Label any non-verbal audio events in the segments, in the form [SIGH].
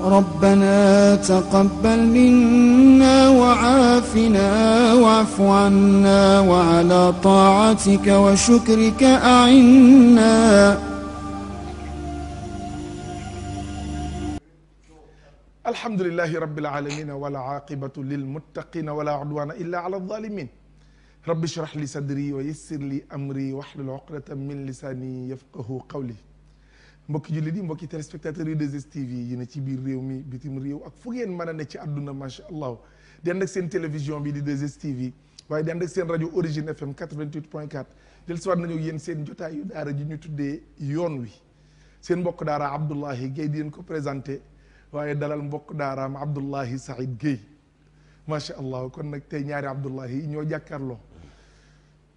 ربنا تقبل منا وعافنا واعف عنا وعلى طاعتك وشكرك أعنا الحمد لله رب العالمين ولا عاقبة للمتقين ولا عدوان إلا على الظالمين رب اشرح لي صدري ويسر لي أمري واحلل عقدة من لساني يفقه قولي mbokki jullit yi mbokki téléspectateurs yu 2STV yi ne ci biir réew mi bitim réew ak fu ngeen mën a ne ci àdduna macha allah dend ak seen télévision bi di 2STV waaye dend ak seen rajo origine fm 88 point 4 del siwaat nañu yéen seen jotaayu daara ji ñu tuddee yoon wi seen mbokk daara Abdoulahi Guèye di yen ko présenté waaye dalal mbokk daara daaraam Abdoulahi Saïd Guèye macha allah kon nag tey ñaari Abdoulahi ñoo jàkkaarloo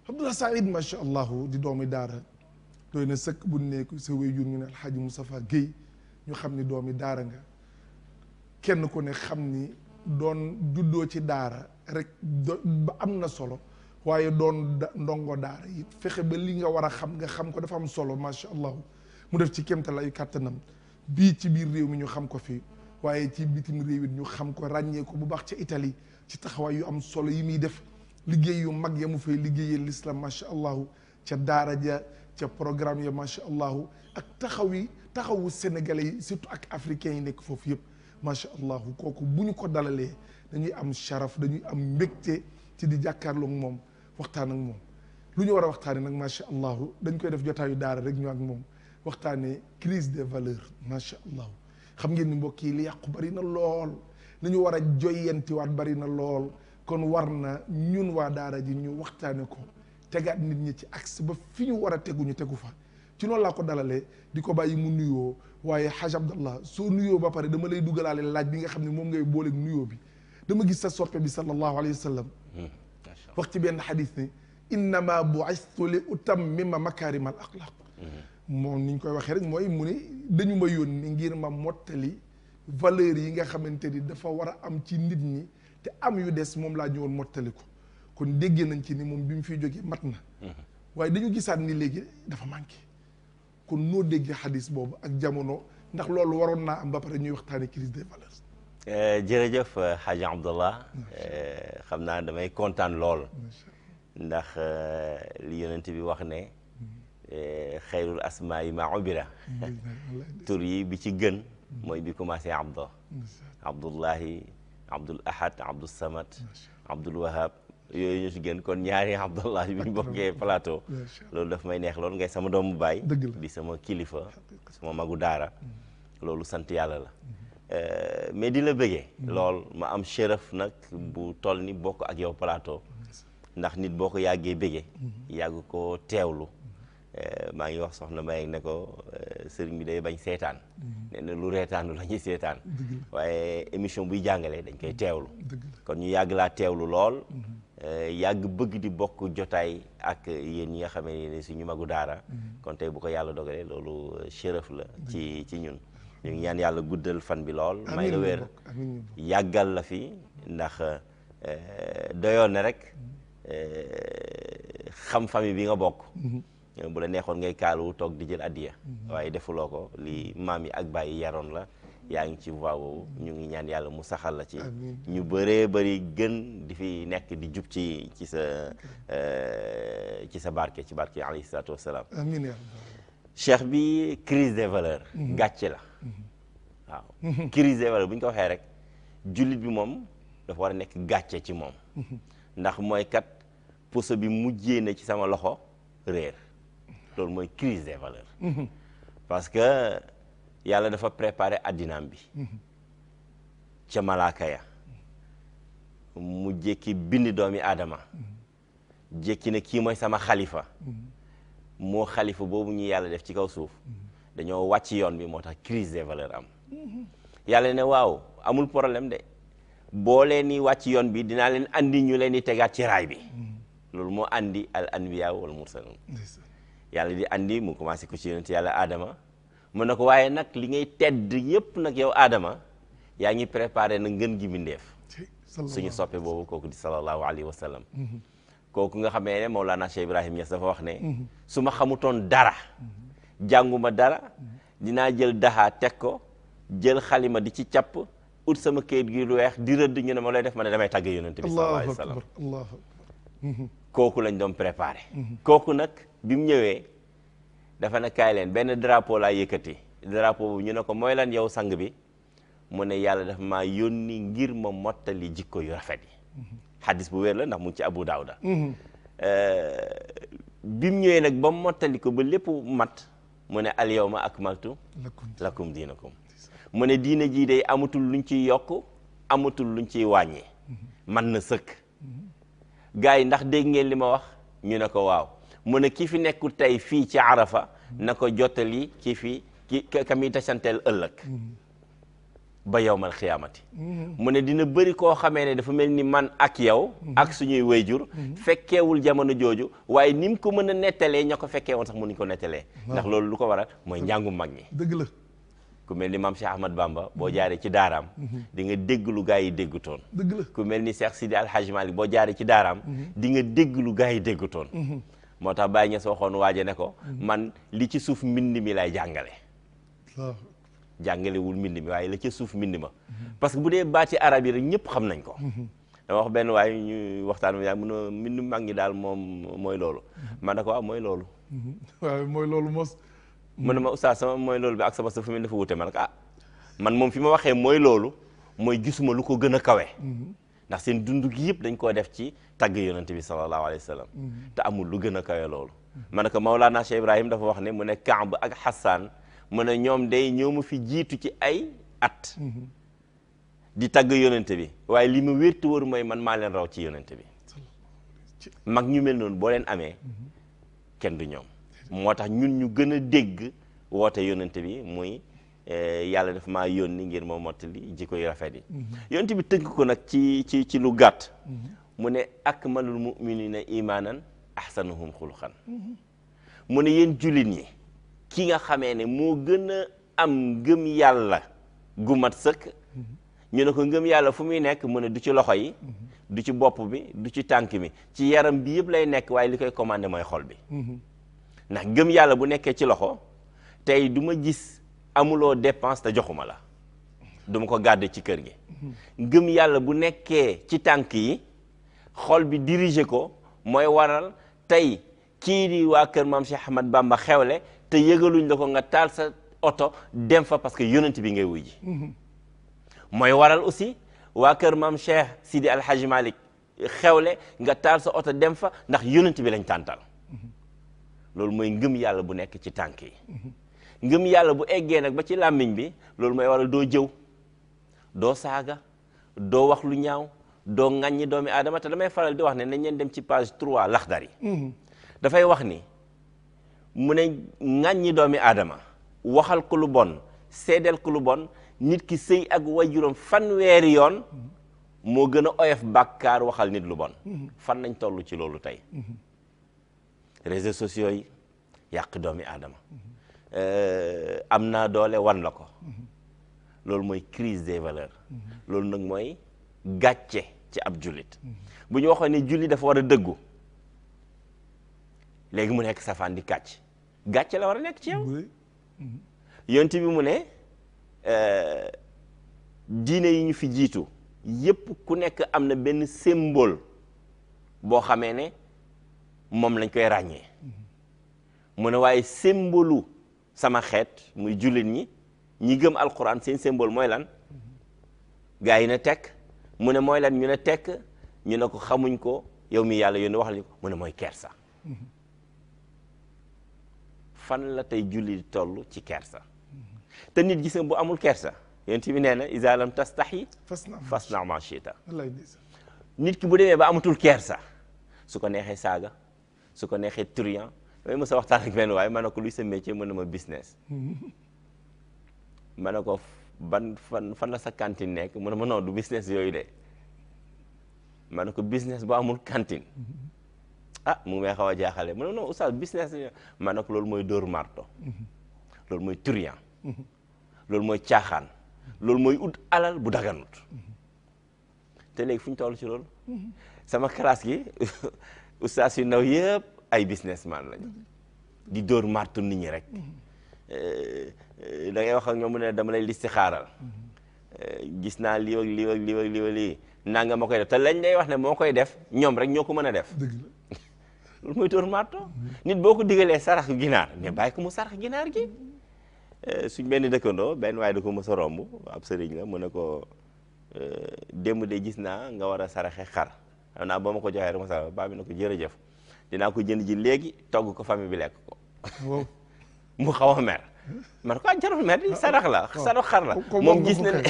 Abdoulahi Saïd macha allah di doomi daara doy na sëkk bu nekk sa waajur ñu ne Alxaaji Moustapha Guèye ñu xam ni doomi daara nga kenn ku ne xam ni doon juddoo ci daara rek ba am na solo waaye doon ndongo daara it fexe ba li nga war a xam nga xam ko dafa am solo macha allah mu def ci ay kàttanam bii ci biir réew mi ñu xam ko fi waaye ci bitim réew ñu xam ko ràññee ko bu baax ca itali ci taxawaay yu am solo yi muy def liggéey yu mag ya mu fay liggéeyee l'islam macha allah ca daara ja ca programme ya macha allahu ak taxawi taxawu sénégalais yi surtout ak africains yi nekk foofu yëpp macha allahu kooku bu ñu ko dalalee dañuy am sharaf dañuy am mbégte ci di jàkkaarloo ak moom waxtaan ak moom lu ñu war a waxtaanee nag macha allahu dañ koy def jotaayu daara rek ñu ak moom waxtaanee crise des valeurs macha allahu xam ngeen ni mbokk yi li yàqu bari na lool li ñu war a joyantiwaat bari na lool kon war na ñun waa daara ji ñu waxtaanee ko. tegaat nit ñi ci axe ba fi ñu war a tegu ñu tegu fa ci loolu laa ko dalalee di ko bàyyi mu nuyoo waaye haj abdallah soo nuyoo ba pare dama lay dugalaale laaj bi nga xam ne moom ngay booleeg nuyoo bi dama gis sa soppe bi sallallahu alayhi wa sallam wax ci benn xadis ni innama bu'istu li utammima makaarimal axlaaq moom ni koy waxee rek mooy mu ne dañu ma ni ngir ma mottali valeurs yi nga xamante ni dafa war a am ci nit ñi te am yu des moom laa ñëwoon mottali ko kon déggee nañ ci ni moom bi mu fiy jógee mat na mm-hmm. waaye dañu gisaat ni léegi dafa manqué kon noo déggee xadis boobu ak jamono ndax loolu waroon na am ba pare ñuy waxtaane crise des valeurs eh, jërëjëf xaaja euh, abdallah eh, xam naa damay kontaan lool ndax euh, li yonent bi wax ne mm-hmm. eh, xayrul asmaa yi ma ubira tur yi bi ci gën mm-hmm. mooy bi commencé abda abdullahi abdul ahad abdul samad abdul yooyu ñu si génn kon ñaari Abdallah bi ñu bokkee plateau loolu dafa may neex loolu ngay sama doomu baay di sama kilifa sama magu daara mm-hmm. loolu sant yàlla la mm-hmm. euh, mais di la bëggee mm-hmm. lool ma am chéref nag bu toll ni bokk ak yow plateau ndax nit boo ko yàggee bëggee yàgg ko teewlu euh, maa ngi wax soxna Mbaye ne ko euh, sëriñ bi day bañ seetaan nee lu reetaanu la ñuy seetaan waaye émission buy jàngalee dañ koy teewlu kon ñu yàgg laa teewlu lool Eh, yàgg bëgg di bokk jotaay ak yéen yi nga xam ne ñu magu daara. Mm-hmm. kon tey bu ko yàlla dogalee loolu eh, chéref la. Mm-hmm. ci ci ñun. ñu ñaan yàlla guddal fan bi lool. may la wér yàggal la fi ndax eh, doyoon na rek mm-hmm. xam famille bi nga bokk. bu la neexoon ngay kaalu toog di jël addiya. waaye defuloo ko li maam yi ak baay yaroon la. yaa ngi ci voie ñu ngi ñaan yàlla mu saxal la ci ñu bëree bëri gën di fi nekk di jub ci ci sa euh, ci sa barke ci barke alayhi salaatu wassalaam amiin cheikh bi crise des valeurs mhm. gàcce la mhm. waaw mhm. crise des valeurs bu ko waxee rek jullit bi moom dafa war a nekk gàcce ci moom ndax mooy kat puso bi mujjee na ci sama loxo réer loolu mooy crise des valeurs parce yàlla dafa préparé addinaam bi mm-hmm. ca malaaka ya mu jékki bind doomi aadama mm-hmm. jékki ne kii mooy sama xalifa mm-hmm. moo xalifa boobu ñu yàlla def ci kaw suuf dañoo wàcc yoon bi moo tax crise des valeurs am yàlla ne waaw amul problème de boo leen ni wàcc yoon bi dinaa leen andi ñu leen di tegaat ci raay bi loolu moo andi al anbiya wal mursalun yàlla di andi mu commencé ko ci yonent yàlla aadama mu ne ko waaye nag li ngay tedd yépp nag yow aadama yaa ngi préparé na ngën gi mbindeef suñu soppe boobu kooku di sallallahu alayhi wa sallam mm-hmm. kooku nga xam ne Mawlana Cheikh Ibrahim Niass dafa wax ne mm-hmm. su ma xamutoon dara mm-hmm. jànguma dara dinaa jël daxaa teg ko jël xalima di ci capp ut sama kayit gi lu weex di rëdd ñu ne ma lay def ma ne damay tàgg yonent bi sallallahu alayhi kooku lañ doon préparé kooku nag bi mu ñëwee dafa ne kaay leen benn drapeau laa yëkkati drapeau bu ñu ne ko mooy lan yow sang bi mu ne yàlla dafa maa yónni ngir ma mottali jikko yu rafet yi mhm. xadis bu wér la ndax mu ngi ci Abu Daawuda mhm. euh, bi mu ñëwee nag ba mottali ko ba lépp mat mu ne al yawma akmaltu lakum diinakum mu ne diina jii day amatul luñ ciy yokk amatul luñ ciy wàññi mhm. man na sëkk gars yi ndax dégg ngeen li ma wax ñu ne ko waaw mu ne kii fi nekkul tey fii ci arafa na ko jottali kii fi ki ka muy tasanteel ëllëg ba yow yowmal xiyaamati mm-hmm. mu ne dina bëri koo xamee ne dafa mel ni man ak yow mm-hmm. ak suñuy wayjur mm-hmm. fekkeewul jamono jooju waaye ni mu ko mën a nettalee ña ko fekkee woon sax mënuñ ko nettalee ndax loolu lu ko war a mooy njàngu mag ñi dëgg la ku mel ni mam Cheikh Ahmad bàmba boo jaaree ci daaraam di nga dégg lu gaa yi déggutoon dëgg ku mel ni Cheikh Sidi Alhaji Malick boo jaaree ci daaraam di nga dégg lu gaa yi déggutoon moo tax Baye Niass waxoon waaje ne ko mm-hmm. man li ci suuf mbind mi lay jàngale jàngalewul mbind mi waaye la ci suuf mbind ma mm-hmm. parce que bu dee baati arab yi rek ñëpp xam nañ ko mm-hmm. dama wax benn waaye ñu waxtaan mu yaa mun a mbindu mag ñi daal moom mooy loolu man a ko mooy loolu [LAUGHS] loolu mos ne ma oustaz sama mooy loolu bi ak sama sa mu dafa wute ma ah man moom fi ma waxee mooy loolu mooy gisuma lu ko gën a kawe ndax seen dund gi yëpp dañ koo def ci tagg yonent bi sallallahu alayhi wa sallam mhm. te amul lu gën a kawe loolu mhm. ma ne ko Maulana Cheikh Ibrahim dafa wax ne mu ne Kaab ak Hassan mu ne ñoom day ñoo ma fi jiitu ci ay at mhm. di tagg yonent bi waaye li ma wérti wër mooy man maa leen raw ci yonent bi mag ñu mel noonu boo leen amee kenn du ñoom moo tax ñun ñu gën a dégg woote yonent bi muy Eh, yàlla daf maa yónni ngir ma mottali jikko yu rafet yi mhm. yonent bi tënk ko nag ci ci ci lu gàtt mhm. mu ne ak akmalul muminina imaanan ahsanuhum xuluqan mhm. mu ne yéen jullit yi ki nga xamee ne moo gën a am ngëm yàlla gu mat sëkk ñu ne ko ngëm yàlla fu muy nekk mu ne du ci loxo yi du ci bopp bi du ci tànk bi ci yaram bi yëpp lay nekk waaye li koy commandé mooy xol bi ndax ngëm yàlla bu nekkee ci loxo tey du gis amuloo dépense te joxuma la duma ko garder ci kër gi ngëm yàlla bu nekkee ci tànk yi xol bi diriger ko mooy waral tey kii di waa kër maam Cheikh Ahmad Bamba xewle te yëgaluñ la ko nga taal sa oto dem fa parce que yonent bi ngay wuy waral aussi waa kër maam Sidi Alhaji xewle nga taal sa oto dem fa ndax yonent bi lañ tàntal loolu mooy ngëm yàlla bu nekk ci tànk yi ngëm yàlla bu eggee nag ba ci làmmiñ bi loolu mooy waral doo jëw doo saaga doo wax lu ñaaw doo ŋàññi doomi adama te damay faral di wax ne nañ leen dem ci page 3 laxdar yi mhm. dafay wax ni mu ne ŋàññi doomi aadama waxal ko lu bon seedeel ko lu bon nit ki sëy ak wajuram fanweeri yoon mhm. moo gën a oyof bàkkaar waxal nit lu bon mhm. fan nañ toll ci loolu tey réseaux sociaux yi yàq doomi aadama Euh, am naa doole wan la ko loolu mooy crise des loolu nag mooy gàcce ci ab jullit bu ñu waxoo ne julli dafa war a dëggu léegi mu nekk safaan di kàcc gàcce la war a nekk ci yow yonent bi mu ne euh, diine yi ñu fi jiitu yépp ku nekk am na benn symbole boo xamee ne moom lañ koy ràññee mm-hmm. mu ne waaye symbolu sama xeet muy jullit ñi ñi gëm alquran seen symbole mooy lan gaa yi na tekk mu ne mooy lan ñu ne tekk ñu ne ko xamuñ ko yow mi yàlla yónni wax li ko mu ne mooy kersa fan la tey jullit toll ci kersa te nit gis nga bu amul kersa yonent bi nee na iza lam tastahi fasna ma shita nit ki bu demee ba amatul kersa su ko neexee saaga su ko neexee turian damay mës a waxtaan ak benn waaye ma ko luy sa métier mën na ma business [LAUGHS] ma ne ko ban fan fan la sa cantine nekk mu ne ma non du business yooyu de ma ne ko business bu amul cantine [LAUGHS] ah mu ngi may xaw a jaaxale mu ne non oustaz business ma ne ko loolu mooy dóor marto [LAUGHS] loolu mooy turian loolu mooy caaxaan loolu mooy ut alal bu daganut te léegi fu ñu toll ci loolu sama classe gi oustaz yu ndaw yëpp ay business man lañ di dóor martu nit ñi rek eh, eh, da ngay wax ak ñoom mu ne dama lay listi xaaral eh, gis naa lii ak lii ak lii ak lii ma koy def te lañ lay wax ne moo koy def ñoom rek ñoo ko mën a def [LAUGHS] lu mooy dóor marto nit boo ko digalee sarax ginaar ne bàyyi ko mu sarax ginaar gi suñ benn dëkkandoo benn waaye da ko mës a romb ab sëriñ la mu ne ko démb de gis naa nga war a saraxe xar xam naa boo ma ko joxee rek ma sarax baa bi na ko jëf dinaa ko jënd ji léegi togg ko famille bi lekk ko [LAUGHS] mu xaw a mer man ko ah, jarul mer di la sarax xar la moom gis na ne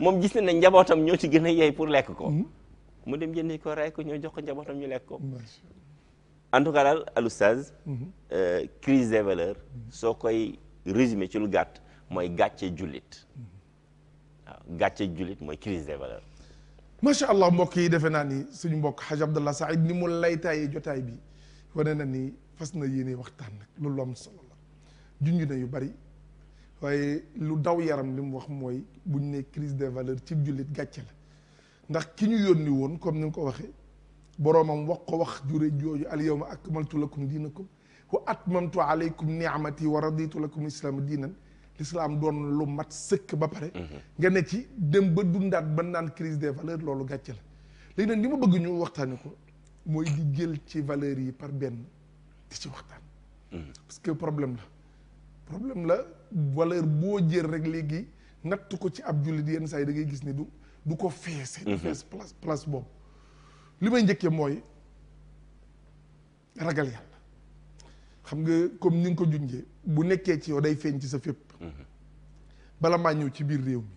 moom gis na ne njabootam ñoo ci gën a yey pour lekk ko mm-hmm. mu dem jëndi ko rey ko ñoo jox ko njabootam ñu lekk ko en tout cas daal al oustaz mm-hmm. euh, crise des mm-hmm. soo koy résumé ci lu gàtt mooy gàcce jullit waaw gàcce jullit mooy crise des valeurs macha allah mbokk yi defe naa ni suñu mbokk Haj Abdallah Saïd ni mu laytaayee jotaay bi wane na ni fas na yéene waxtaan nag loolu lu am solo la junj na yu bari waaye lu daw yaram li mu wax mooy bu ñu ne crise des valeurs ci jullit gàcce la ndax ki ñu yónni woon comme ni nga ko waxee boroomam wax ko wax jure jooju al yawma akmaltu lakum diinakum wa atmamtu alaykum ni'mati wa raditu lakum islaama diinan l'islam doon lu mat sëkk ba pare mhm. nga ne ci dem ba dundaat ba naan crise des valeurs loolu gàcce la léegi nag li ma bëgg ñu waxtaane ko mooy di jël ci valeurs yi par benn di ci waxtaan. Mm-hmm. parce que problème la problème la valeur boo jël rek léegi natt ko ci ab jullit yenn saa yi da ngay gis ni du du ko feese. du mm-hmm. fees place place boobu. li may njëkkee mooy ragal yàlla xam nga comme ni nga ko junjee bu nekkee ci yow day feeñ ci sa fépp. Mm-hmm. bala maa ñëw ci biir réew mi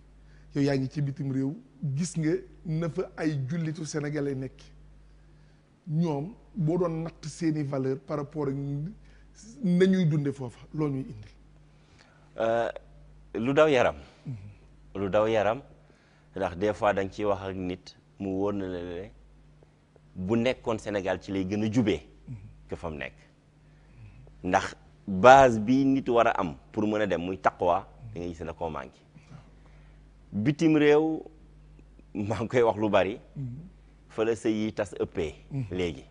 yow yaa ngi ci bitim réew gis nga na ay jullitu sénégalais nekk. ñoom boo doon natt seeni valeur par rapport ak nañuy dunde foofa loo ñuy indi euh, lu daw yaram lu daw yaram ndax des fois da nga wax nit mu wóor na la ne bu nekkoon Sénégal ci lay gën a jube que fa nekk ndax base bi nit war a am pour mën a dem muy taqwa da nga gis na koo manqué bitim réew maa ngi koy wax lu bari mm-hmm. fa la sëy yi tas ëppee léegi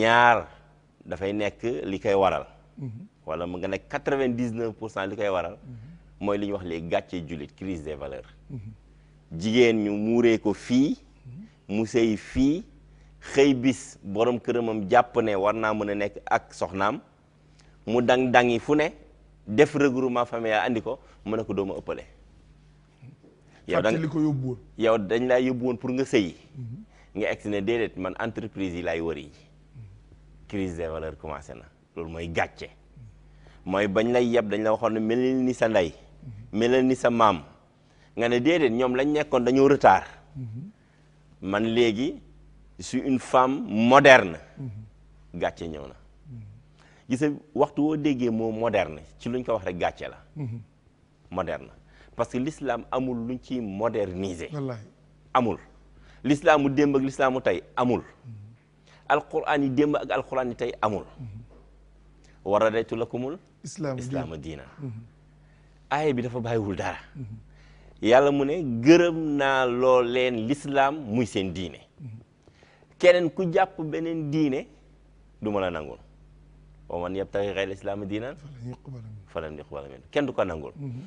ñaar dafay nekk li koy waral wala mu nga nekk quatre vingt dix pour cent li koy waral mooy li ñuy wax léegi gàcce jullit crise des valeurs jigéen ñu muuree ko fii mu sey fii xëy bis borom këramam jàpp ne war naa mën a nekk ak soxnaam mu dang dangi fu ne def regroupement familial indi ko mu ne ko dooma ëppale yow da li ko yóbbu yow dañ laa yóbbu woon pour nga sëyi mhm. nga egsi ne déedéet man entreprise yi laay wari yi crise des valeurs commencé na loolu mooy gàcce mooy bañ lay yeb dañ la waxoon ne melal ni sa ndey mhm. melal ni sa maam nga ne déedéet ñoom lañ nekkoon dañoo retard mhm. man léegi je une femme moderne gàcce ñëw na gis waxtu woo déggee moo moderne ci luñ ko wax rek gàcce la moderne parce que lislaam amul luñ ci moderniser amul l'islaamu démb ak l'islaamu tey amul alquran yi démb ak alquran yi tey amul wa radaytu lakumul islaama diina mhm. aaya bi dafa bàyyiwul dara yàlla mu ne gërëm naa loo leen l'islaam muy seen diine keneen ku jàpp beneen diine du ma la nangul wa man yabtaghi ghayra islaama diinan falan yuqbala minhu kenn du ko nangul mhm.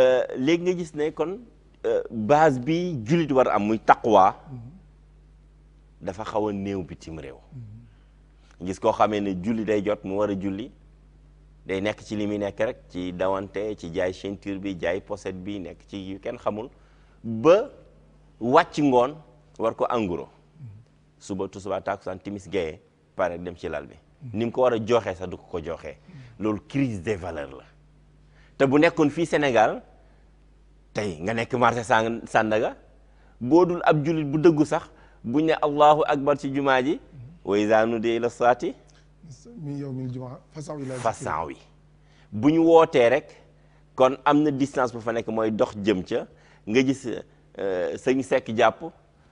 Euh, léegi nga gis ne kon euh, base bi jullit war am muy taqwa dafa xaw a néew bitim réew mm-hmm. gis koo xamee ne julli day jot mu war a julli day nekk ci li muy nekk rek ci dawante ci jaay ceinture bi jaay poset bi nekk ci yu kenn xamul ba wàcc ngoon war ko enguro mm-hmm. suba tusuba takusaan timis gaye pare dem ci lal bi mm-hmm. ni mu ko war a jooxee sax du ko ko jooxee loolu crise des valeurs la te bu nekkoon fii Sénégal tey nga nekk marché Sandaga boo dul ab jullit bu dëggu sax buñ ne allahu akbar ci jumaa ji wa izaa nudiya ila salaati min yawmil jumaa yi bu ñu wootee rek kon am na distance bu fa nekk mooy dox jëm ca nga gis euh, sëñ Seck jàpp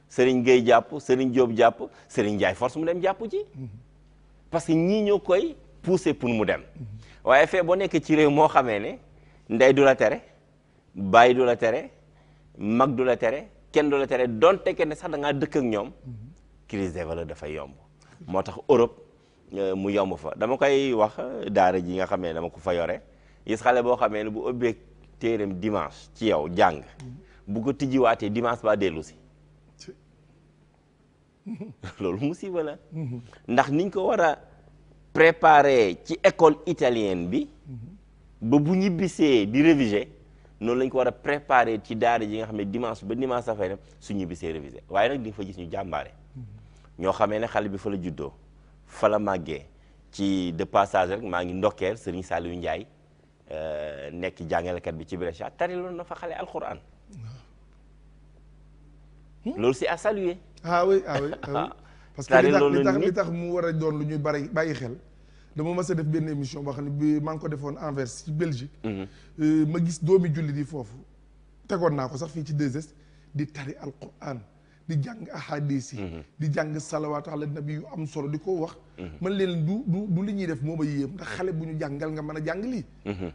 sëriñ Gueye jàpp sëriñ Diop jàpp sëriñ Ndiaye force mu dem jàpp ci mhm. parce que ñii ñoo koy poussé pour mu dem mhm. waaye fee boo nekk ci réew moo xamee ne ndey du la tere bàyyi du la tere mag du la tere kenn du la tere donte kenn sax da ngaa dëkk ak ñoom crise des valeurs dafa yomb moo tax Europe euh, mu yomb fa dama koy wax euh, daara ji nga xam ne dama ko fa yore gis xale boo xamee ne bu ëbbee téeram dimanche ci yow jàng bu ko tijjiwaatee dimanche ba dellu si [LAUGHS] loolu musiba la ndax niñ ko war a préparer ci école italienne bi mm-hmm. ba bu ñibbisee di réviser noonu lañ ko war a préparer ci daara ji nga xam ne dimanche ba dimanche safay dem su ñibbisee réviser waaye nag di nga fa gis ñu jàmbaare ñoo xamee ne xale bi fa la juddoo fa la màggee ci de passage rek maa ngi ndokkeel Serigne Saliou Ndiaye euh, nekk jàngalekat bi ci Brescia tariloon na fa xale alxuraan hmm? loolu c'est à saluer ah oui ah oui ah [LAUGHS] parce que li tax mu war a doon lu ñu bari bàyyi xel dama mas a def benn émission boo xam ne bi maa ngi ko defoon Anvers ci Belgique. Mhm. Euh, ma gis doomi jullit yi foofu. tegoon naa ko sax fii ci 2 di tari alquran di jàng ahadis mhm. di jàng salawaatu ala nabi yu am solo di ko wax. Mhm. man leen du du li ñuy def moom ma yéem ndax xale bu ñu jàngal nga mën a jàng lii.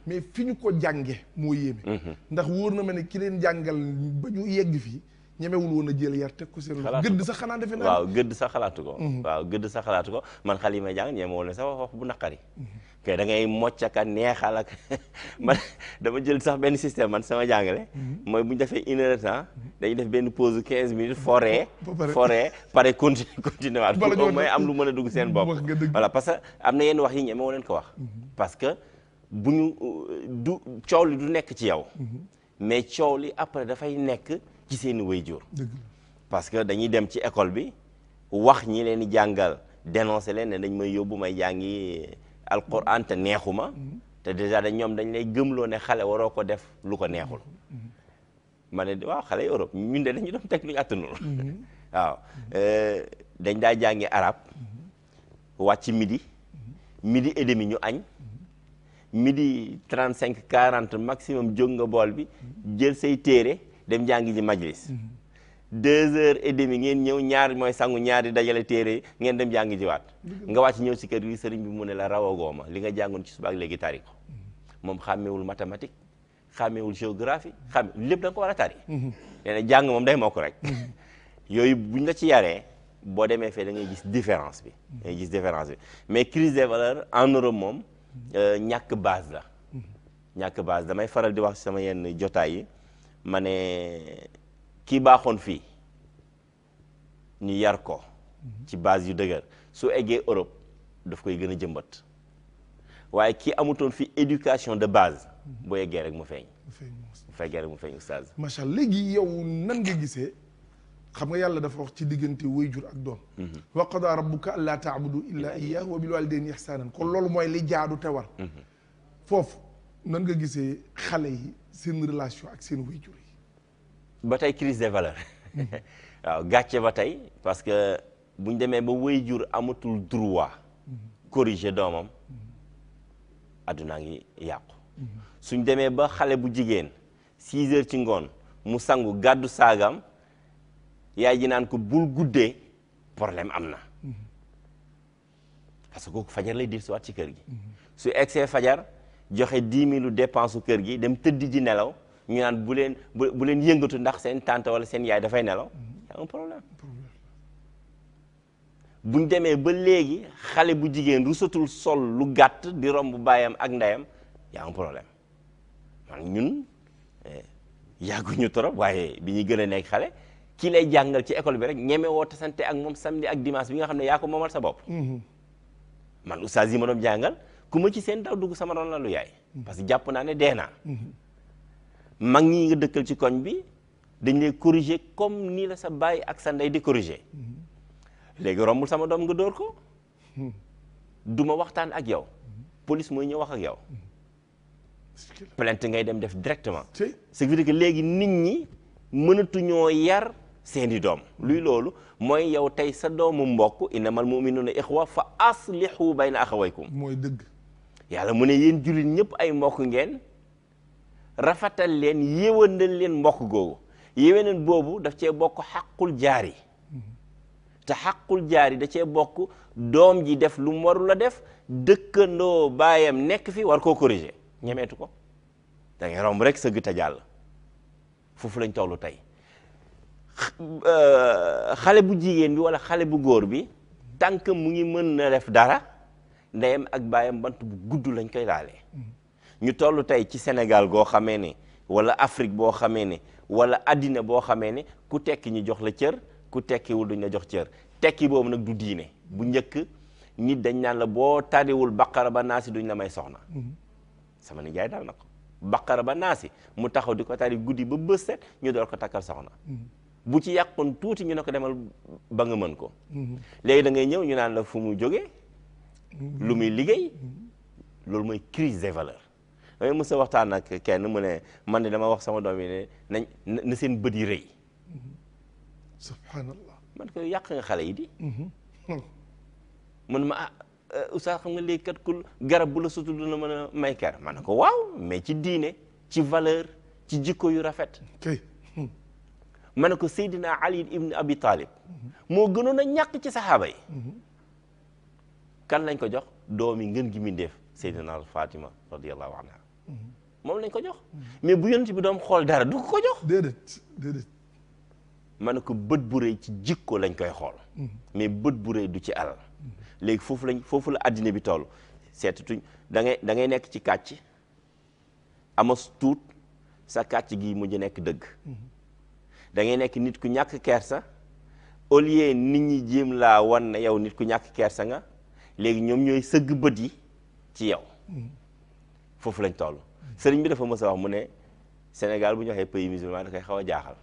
mais fi ñu ko jànge moo yéeme. ndax wóor na ma ne ki leen jàngal ba ñu yegg fii. ñemewul woon a jël yar teg ko seen loxo gëdd sax sax xalaatu ko mhm. waaw gëdd sax xalaatu ko man xal yi may jàng ñemewul ne sax wax wax bu naqari mhm. kay da ngay mocc a neexal ak [LAUGHS] man dama jël sax benn système man sama jàngale mhm. mooy bu ñu defee une heure def benn pause quinze minutes forêt forêt [LAUGHS] pare continue continué waat pour mooy am lu mën a dugg seen [LAUGHS] bopp voilà parce que am na yenn wax yi ñemewoo leen ko wax parce que bu ñu du coow li du nekk ci yow mais coow li dafay nekk ci seeni waajur parce que dañuy dem ci école bi wax ñi leen di jàngal dénoncé leen dañ may yóbbu may jàngi alquran te neexuma mm-hmm. te déjà dañ ñoom dañ lay gëmloo ne xale waroo ko def lu ko neexul mm-hmm. ma di waaw xale Europe ñun de dañu doon teg lu ñu mm-hmm. waaw eh, dañ daa jàngi arab wàcc midi midi et demi ñu añ midi trente cinq quarante maximum jóg nga bool bi jël say téere dem jàngi ji majlis mhm. deux heures et ngeen ñëw ñaar mooy sangu ñaari dajale téere ngeen dem jàngi jiwaat nga ci ñëw si kër gi sëriñ bi mu ne la rawagoo ma li nga jàngoon ci suba ak léegi tari ko mhm. moom xàmmewul mathématique xàmmewul géographie xàmme lépp da ko war a tari mhm. nee na jàng moom day mokk rek yooyu buñ la ci yaree boo demee fee da ngay gis différence bi da gis différence bi mais crise des valeurs en Europe moom euh, ñàkk base la ñàkk base damay faral di wax sama yenn jotaay yi ma ne kii baaxoon fii ñu yar ko ci base yu dëgër su eggee Europe daf koy gën a jëmbat waaye kii amutoon fii éducation de base boo yeggee rek mu feeñ mu feggee rek mu feeñ oustaz macha allah léegi yow nan nga gisee xam nga yàlla dafa wax ci diggante jur ak doom mhm. wa qada rabbuka allaa taabudu illaa iyyaahu wa bil waalidayni ihsaanan kon mhm. loolu mooy li jaadu te war mhm. foofu nan nga gisee xale yi seen ak seen ba tey crise des valeurs [LAUGHS] waaw gàcce ba tey parce que bu ñu demee ba jur amatul droit corriger doomam addunaa ngi yàqu suñ demee ba xale bu jigéen six ci ngoon mu sangu gàddu saagam yaay ji naan ko bul guddee problème am na mm-hmm. parce que kooku fajar lay dir si waat ci kër gi su egsee fajar joxe dix mille lu dépense su kër gi dem tëdd ji nelaw ñu naan bu leen bu leen yëngatu ndax seen tante wala seen yaay dafay nelaw y a un problème buñ demee ba léegi xale bu jigéen rusatul sol lu gàtt di romb baayam ak ndeyam y a un problème man ñun eh, yàgguñu trop waaye bi ñuy gën a nekk xale ki lay jàngal ci ecole bi rek ñeme woo tasante ak moom samedi ak dimanche bi nga xam ne yaa ko moomal sa bopp mm-hmm. man oustaz yi jàngal ku ma ci seen daw dugg sama ron la lu yaay mm-hmm. parce que jàpp naa ne dee naa mm-hmm. mag ñi nga dëkkal ci koñ bi dañ lay corriger comme nii la sa baay ak sa ndey di corriger mm-hmm. léegi rombul sama doom nga dóor ko duma waxtaan ak yow police mooy ñëw wax ak yow plainte ngay dem def directement ce qui veut léegi nit ñi mënatuñoo yar seeni doom luy loolu mooy yow tey sa doomu mbokk innamal mu'minuna ixwa fa aslihu bayna axawaykum mooy dëgg yàlla mu ne yéen jullit ñëpp ay mbokk ngeen rafetal leen yéwénal leen mbokk googu yéwénal boobu daf cee bokk xaqul jaari te xaqul jaari da cee bokk doom ji def lu mu waru def dëkkandoo baayam nekk fi war koo corriger ñemeetu ko da romb rek sëgg te jàll foofu lañ tollu tey xale bu jigéen bi wala xale bu góor bi tant mu ngi mën na def dara ndeyam ak baayam bant bu gudd lañ koy laalee mm-hmm. ñu toll tey ci senegal goo xamee ne wala Afrique boo xamee ne wala àddina boo xamee ne ku tekki ñu jox la cër ku tekkiwul duñ la jox cër tekki boobu nag du diine bu njëkk nit dañ naan la boo tariwul baqara ba naasi duñ la may soxna mm-hmm. sama nijaay daal na ko baqara ba naasi mu taxaw di ko tari guddi ba bës set ñu door ko takkal soxna mm-hmm. bu ci yàqoon tuuti ñu ne ko demal ba nga mën ko léegi dangay ngay ñëw ñu naan mu jógee lu muy liggéey loolu mooy crise des valeurs damay mës a waxtaan ak kenn mu ne man de dama wax sama doom yi ne nañ na seen bët yi rëy subhanallah man ko yàq nga xale yi di mun mhm. ma ah euh, xam nga léegi kat kul garab bu la lu dina mën a may ker man ne ko waaw mais ci diine ci valeur ci jikko yu rafet hmm. man ne ko Seydina Ali ibn Abi Talib mhm. moo gënoon a ñàkk ci saxaaba yi mhm. kan lañ ko jox doomi ngën gi mindeef Seydina Fatima radiyallahu anha mhm. moom lañ ko jox mais bu yonent bi doom xool dara du ko jox déedéet déedéet ne ko bët bu rëy ci jikko lañ koy xool mhm. mais bët bu rëy du ci alal mhm. léegi foofu lañ foofu la àddina bi toll seetatuñ da ngay da ngay nekk ci kàcc amas tuut sa kàcc gi mujj nekk dëgg da ngay nekk nit ku ñàkk kersa au lieu nit ñi jéem laa wan na yow nit ku ñàkk kersa nga léegi ñoom ñooy sëgg bët yi ci yow foofu lañ toll sëriñ bi dafa mës wax mu ne Sénégal bu ñu waxee pays musulman da koy xaw a jaaxal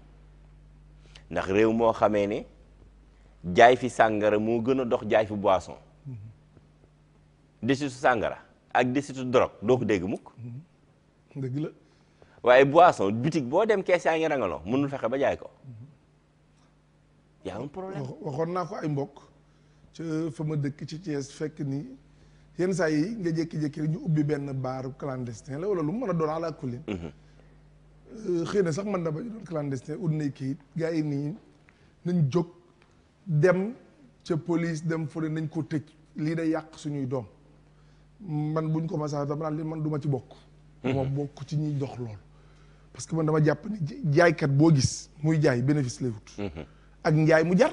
ndax réew moo xamee ne jaay fi sàngara moo gën a dox jaay fi boisson desitu sàngara ak desitu drogue doo ko dégg mukk dëgg la waaye boisson boutique boo dem kees yaa ngi rangaloo mënul fexe ba jaay ko mm-hmm. yaa am problème waxoon naa ko ay mbokk ca fa ma dëkk ci Thiès fekk nii yenn saa yi nga jékki-jékki rek ñu ubbi benn baar clandestin la wala lu mu mën a doon ala kulli. Mhm. Euh, xëy na sax man na ba ñu doon nii nañ jóg dem ca police dem fële nañ ko tëj lii day yàq suñuy doom man buñ ko masaa dama li man duma ci bokk. Mhm. dama bokk ci ñuy dox lool. parce que man dama jàpp ni jaaykat boo gis muy jaay bénéfice lay wut. Mhm. ak njaay mu jar.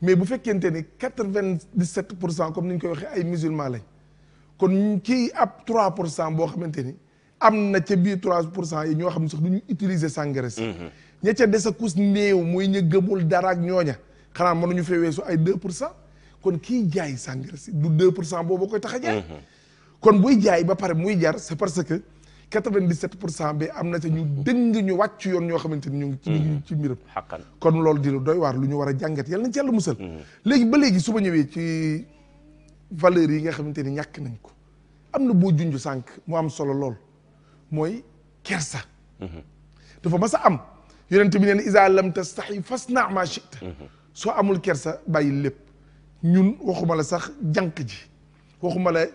mais bu fekkente ni quatre-vingt-dix-sept pour cent comme ni ñu koy waxee ay musulmans lañ kon kii ab trois pour cent boo xamante ni am na ca biir trois pour cent yi ñoo xam ne sax du ñu utiliser sangara si mhm. ña ca des a kus néew muy ñu gëmul dara ak ñooña xanaa mënuñu fee weesu ay deux pour cent kon kii jaay sangara si du deux pour cent boobu koy tax a jaay mhm. kon buy jaay ba pare muy jar c'est parce que 97 pour cent bi am na ca ñu dëng ñu wàcc yoon ñoo xamante ni ñu ngi. ñu ngi ci mm-hmm. mbiram. xàqan kon loolu di lu doy waar lu ñu war a jàngat yal na ci yàlla musal. Mm-hmm. léegi ba léegi su ma ñëwee ci valeurs yi nga xamante ni ñàkk nañ ko am na boo junj sànq mu am solo lool mooy kersa. Mm-hmm. dafa mas a am yonent bi neen isaa sax lam tastaxi fasna ma chita soo amul kersa bàyyi lépp ñun waxuma la sax jànq ji waxuma la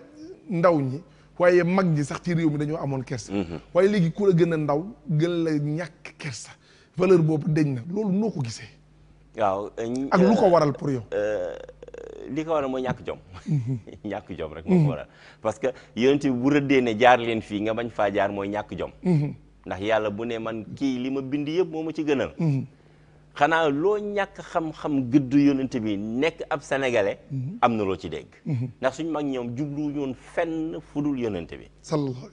ndaw ñi. waaye mag ñi sax ci réew mi dañoo amoon kersa. Mhm. waaye léegi ku la gën ndaw gën la ñàkk kersa valeur boobu deñ na loolu noo ko gisee. waaw eh, ak lu ko eh, waral pour yow. Eh, li ko waral mooy ñàkk jom mhm. [LAUGHS] ñàkk jom rek moo ko mhm. waral parce que yonent bi bu dee ne jaar leen fii nga bañ faa jaar mooy ñàkk jom. ndax yàlla bu ne man kii li ma bind yëpp moo ma ci gënal. xanaa loo ñàkk xam-xam gëddu yonent bi nekk ab sénégalais. Mhm. am na loo ci dégg. Mhm. ndax suñ mag ñoom jublu ñoon fenn fudul yonent bi. sallallahu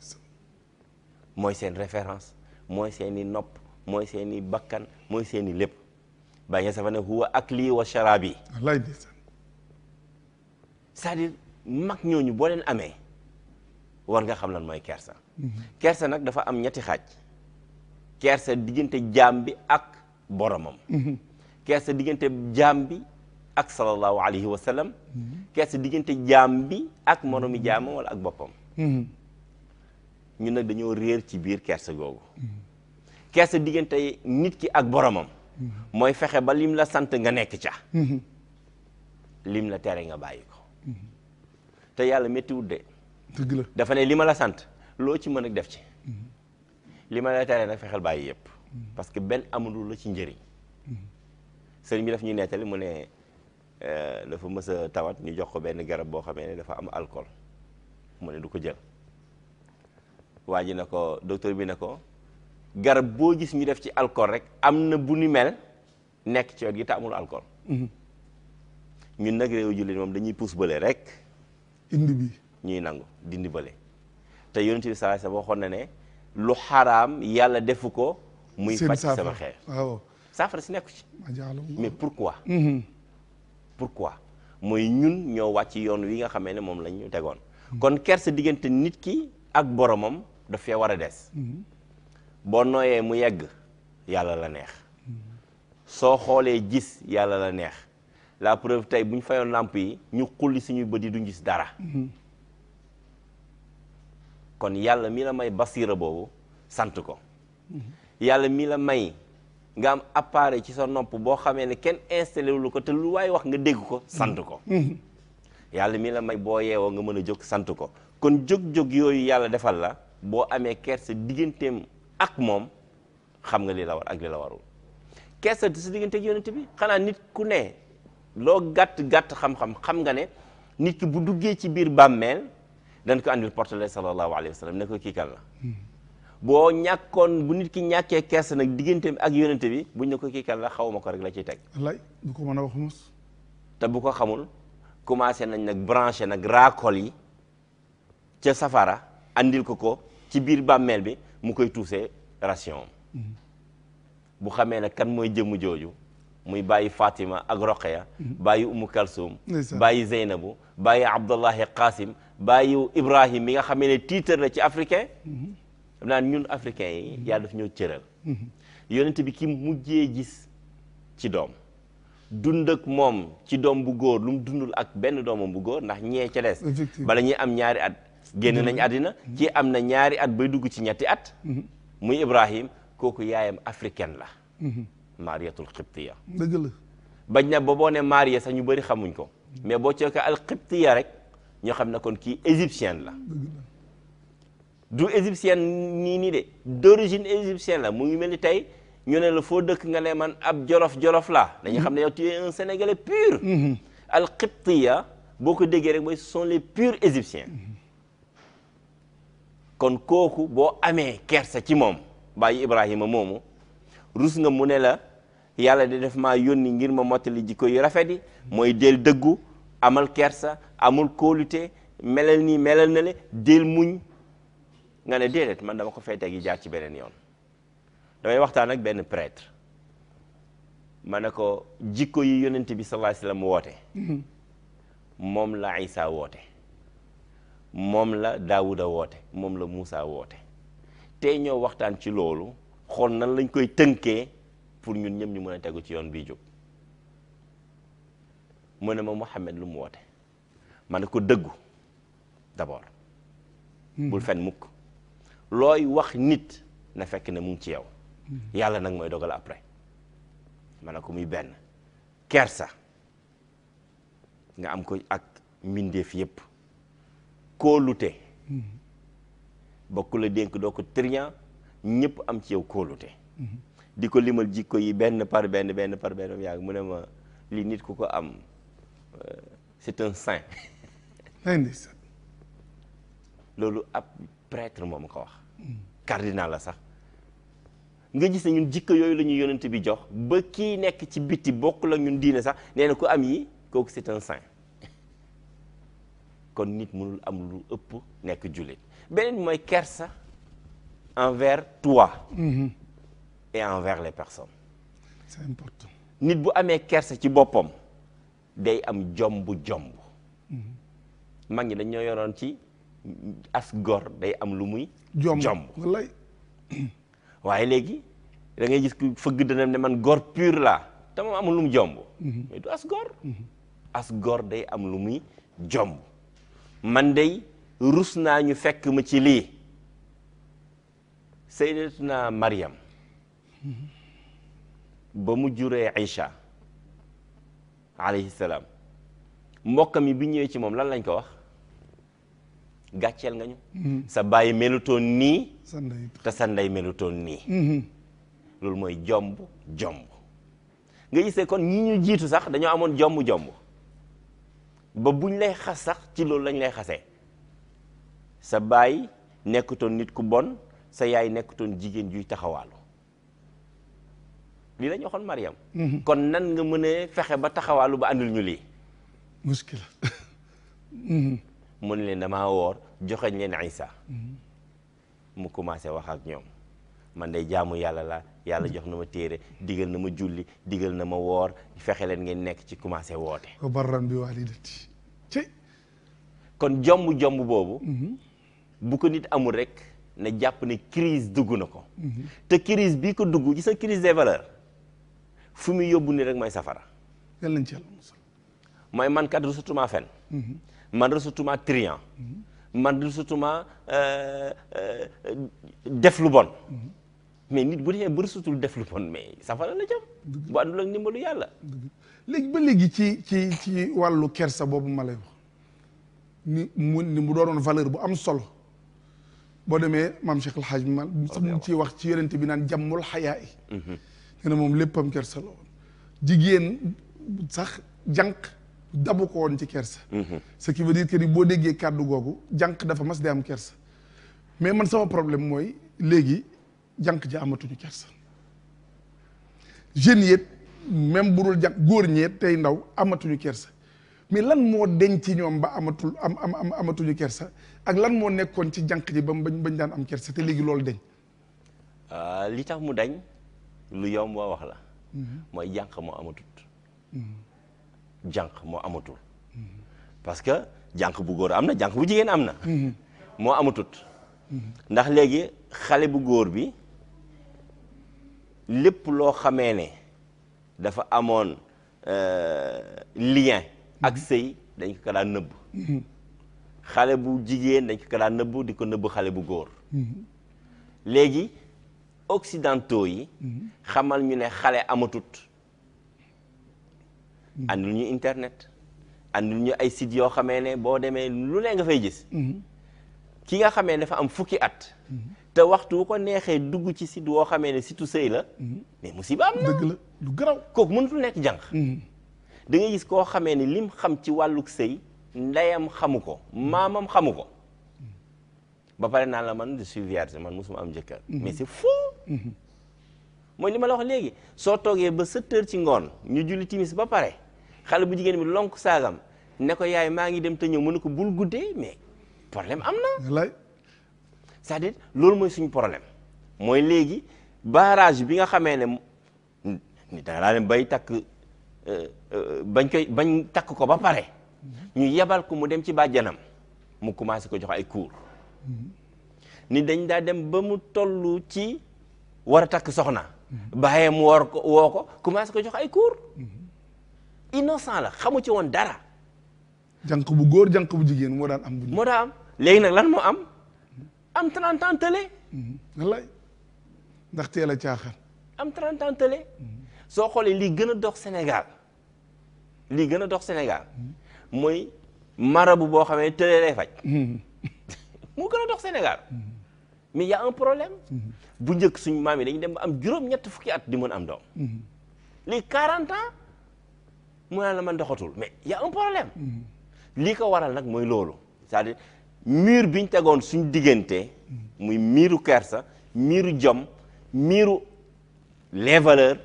mooy seen référence mooy seeni nopp mooy seeni bakkan mooy seen i lépp bàyyi safa ne huwa lii wa sharabi. wallaay ndeysaan. cest mag ñooñu boo leen amee war nga xam lan mooy kersa. Mhm. kersa nag dafa am ñetti xaaj. kersa diggante jaam bi ak. boromam mhm. kersa diggante jaam bi ak sallallahu alayhi wa sallam mhm. kersa diggante jaam bi ak moromi jaamam wala ak boppam mhm. ñun nag dañoo réer ci biir kersa googu kersa diggante nit ki ak boromam mooy fexe ba lim la sant nga nekk ca lim la tere nga bàyyi ko te yàlla méttiwut de dafa ne li ma la sant loo ci mën a def ci li ma la tere nag fexeel bàyyi yëpp parce que benn amulul la ci njëriñ. sëriñ bi daf ñuy nettali mu ne euh, dafa mësa tawat ñu jox ko benn garab boo xamee ne dafa am alcool mu ne du ko jël. waa ji na ko docteur bi ne ko garab boo gis ñu def ci alcool rek am na bu ni mel nekk ci wet gi te amul alcool. ñun nag réew jullit moom dañuy puus bële rek. indi bi ñuy nangu dindi bële. te yonent bi sallallahu alayhi wasallam ne lu xaraam yàlla defu ko. muy faj sama xeex waaw saafara si nekku ci mais pour pourquoi mm-hmm. quoi mooy ñun ñoo wàcc yoon wi nga xamee ne moom la ñu tegoon kon kersa diggante nit ki ak boromam daf war a des mm-hmm. boo nooyee mu yegg yàlla la neex mm-hmm. soo xoolee gis yàlla la neex la preuve tey bu ñu fayoon làmp yi ñu xulli suñuy bët yi duñ gis dara kon yàlla mi la may basiira boobu sant ko yàlla mii la may nga am appareil ci sa nopp boo xamee ne kenn installé wu ko te lu waaye wax nga dégg ko sant ko yàlla mi la may boo yeewoo nga mën a jóg sant ko kon jóg-jóg yooyu yàlla defal la boo amee kersa digganteem ak moom xam nga li la war ak li la warul kersa sa diggante ak yonent bi xanaa nit ku ne loo gàtt-gàtt xam-xam xam nga ne nit ki bu duggee ci biir bàmmeel dañ ko andil portele sallallahu alayhi wa sallam ne ko kii kan la boo ñàkkoon bu nit ki ñàkkee kersa nag diggante bi ak yonente bi buñ ne ko kii kan la xawma ko rek la ciy teg. wallaay du ko a wax mos. te bu ko xamul commencé nañ nag branché nag raakol yi ca safara andil ko ko ci biir bàmmeel bi mu koy tuuse ration mhm. bu xamee nag kan mooy jëmm jooju muy bàyyi Fatima ak Roqeya mhm. bàyyi Umu Kalsum bàyyi Zeynabu bàyyi Abdullahi Qasim bàyyi Ibrahim bi nga xamee ne tiitar la ci africain mhm. xam ñun africains yi yàlla daf ñoo cëral yonent bi ki mujjee gis ci doom dund moom ci doom bu góor lu mu dundul ak benn doomam bu góor ndax ñee ca bala ñuy am ñaari at génn nañ àddina ci am na ñaari at bay dugg ci ñetti at muy Ibrahim kooku yaayam africaine la Mariatul Qibtiya dëgg la bañ na ba boo ne Maria sax ñu bari xamuñ ko mais boo cee al Qibtiya rek ñoo xam ne kon kii égyptienne la du égyptienne nii nii de d'origine égyptienne la mu ngi mel ni tey ñu ne la foo dëkk nga ne man ab jolof jolof laa dañuy xam ne yow tu es un pur mm-hmm. alqibtiya boo ko déggee rek mooy ce sont les purs égyptiens mm-hmm. kon kooku boo amee kersa ci moom bàyyi ibrahima moomu rus nga mu ne la yàlla di def maa yónni ngir ma mottali jikko yu rafet yi mooy del dëggu amal kersa amul kóolute melal nii melal na le del muñ nga ne déedéet man dama ko fay teg yi jaar ci beneen yoon damay waxtaan ak benn prêtre ma ne ko jikko yi yonent bi sallallahu alayhi wasallam woote mhm. moom la Isa woote moom la Daawuda woote moom la Muusa woote tey ñoo waxtaan ci loolu xool nan lañ koy tënkee pour ñun ñëpp ñu mën a tegu ci yoon bii jóg mu ne ma Muhammad lu mu woote ma ne ko dëggu d'abord mhm. bul fen mukk looy wax nit na fekk na mu ci yow mm-hmm. yàlla nag mooy dogal après ma ne ko muy benn kersa nga am ko ak mbindeef yépp kóolute mm-hmm. ba ku la dénk doo ko trian ñëpp am ci yow kóolute mm-hmm. di ko limal jikko yi benn par benn benn par benn yaa mu ne ma li nit ku ko am euh, c'est un loolu ab prêtre moo mu ko wax hmm. cardinal la sax nga gis ne jikk yooyu la ñuy yonent bi jox ba kii nekk ci biti bokk la ñun diine sax nee na ku am yi kooku c'est un kon nit mënul am lu ëpp nekk jullit beneen mooy kersa envers toi hmm. et envers les personnes nit bu amee kersa ci boppam day am jomb jomb hmm. mag ñi dañ ñoo yoroon ci as day am lu muy jomb [CLEARS THROAT] waaye léegi dangay gis ku fëgg dana ne man gor pur la te moom amul lu mu jomb mhm. mais du mhm. as gor day am lu muy jomb man day rus naa ñu fekk ma ci lii sayyidatuna Maryam mhm. ba mu juree Aïcha alayhi salaam mbokkam yi bi ñëwee ci moom lan lañ ko wax gàcceel nga ñu mhm. sa baay melutoon nii te sa ndey melutoon nii mhm. loolu mooy jomb jomb nga gisee kon ñi ñu jiitu sax dañoo amoon jomb jomb ba buñ lay xas sax ci loolu lañ lay xase sa baay nekkutoon nit ku bon sa yaay nekkutoon jigéen juy taxawaalu lii lañ waxoon Mariam mhm. kon nan nga mën fexe ba taxawaalu ba àndul ñu lii muskila [LAUGHS] mu ne leen damaa woor joxeñ leen Isa mm-hmm. mu commencé wax ak ñoom man day jaamu yàlla la yàlla jox na ma téere digal na ma julli digal na ma woor fexe leen ngeen nekk ci commencé woote wa barran bi walidati ci kon jomb jomb boobu mm-hmm. bu ko nit amul rek na jàpp ni crise dugg na ko mm-hmm. te crise bii ko dugg gis nga crise des valeurs fu muy yóbbu ni rek mooy safara yàlla nañ ci yàlla mooy man kat rusutuma fen man rusutuma trian man euh, euh, du mhm. surtout def lu bon mais nit bu dee bëri surtout def lu bon mais safara la jëm. bu àndul ak ndimbalu yàlla. léegi ba léegi ci ci ci wàllu kersa boobu ma lay wax ni mu ni mu doonoon valeur bu am solo boo demee maam Cheikh El Hadj Mal. sax mu ciy wax ci yonent bi naan jàmmul xayaa yi. Mhm. nee na moom léppam kersa la woon jigéen sax jànq. dabu ko woon ci kersa. Mhm. ce qui veut dire que ni boo déggee kàddu googu jànq dafa mas de am kersa. mais man sama problème mooy léegi jànq ji amatuñu kersa. jeunes yépp même bu dul jànq tey ndaw amatuñu kersa. mais lan moo denc ci ñoom ba amatul am am am amatuñu kersa ak lan moo nekkoon ci jànq ji ba mu bañ daan am kersa te léegi loolu deñ ah, li tax mu dañ lu yomb wax la. Mhm. mooy jànq moo amatut. Mhm. jànq moo amatul parce que jànq bu góor am na jànq bu jigéen am na moo amatut ndax léegi xale bu góor bi lépp loo xamee ne dafa amoon euh, lien ak sëy dañ ko ko daan nëbb xale bu jigéen dañ ko ko daan nëbb di ko nëbb xale bu góor léegi occidentaux yi xamal ñu ne xale amatut Mm-hmm. lu ñu internet andil ñu ay sites yoo xamee ne boo demee lu ne nga fay gis mm-hmm. ki nga xamee ne dafa am fukki at mm-hmm. te waxtu ko neexee dugg ci site woo xamee ne surtout sëy la mais musiba am na dëgg la lu garaw kooku mënatul nekk jànq dangay gis koo xamee ni lim xam ci wàlluk sëy ndeyam xamu ko maamam xamu ko ba pare naan la man je suis vierge man mosuma am jëkkër mais c'est faux mooy li ma la wax léegi soo toogee ba sept heures ci ngoon ñu julli timis ba pare xale bu jigéen bi lonk saagam ne ko yaay maa ngi dem te ñëw mu ne ko bul guddee mais problème am na. wallaay cest à loolu mooy suñu problème mooy léegi barrage bi nga xamee ne ni da laa dem bay takk euh, euh, bañ koy bañ takk ko ba pare ñu yebal ko mu dem ci bàjjanam mu commencé ko jox ay cours mm-hmm. ni dañ daa dem ba mu toll ci war a takk soxna. bàyyee mu war ko woo ko commencé ko jox ay cours. Mm-hmm. innocent la xamu ci woon dara. jànq bu góor jànq bu jigéen moo daan am. bu moo daan am léegi nag lan moo am am 30 ans tële. Mm-hmm. wallaay ndax teel a caaxaan. am 30 ans tële. Mm-hmm. soo xoolee li gën a dox senegal li gën a dox Sénégal mm-hmm. mooy bu boo xamee tële lay faj. moo gën a dox Sénégal. mais y a problème. bu njëkk suñu maam yi dañu dem ba am juróom-ñett fukki at di mën am doom. li 40 mu naan la man doxatul mais y a un problème mm. li ko waral nag mooy loolu c'est-à-dire bi ñu tegoon suñ diggante mm. muy miiru kersa miiru jom miiru les valeurs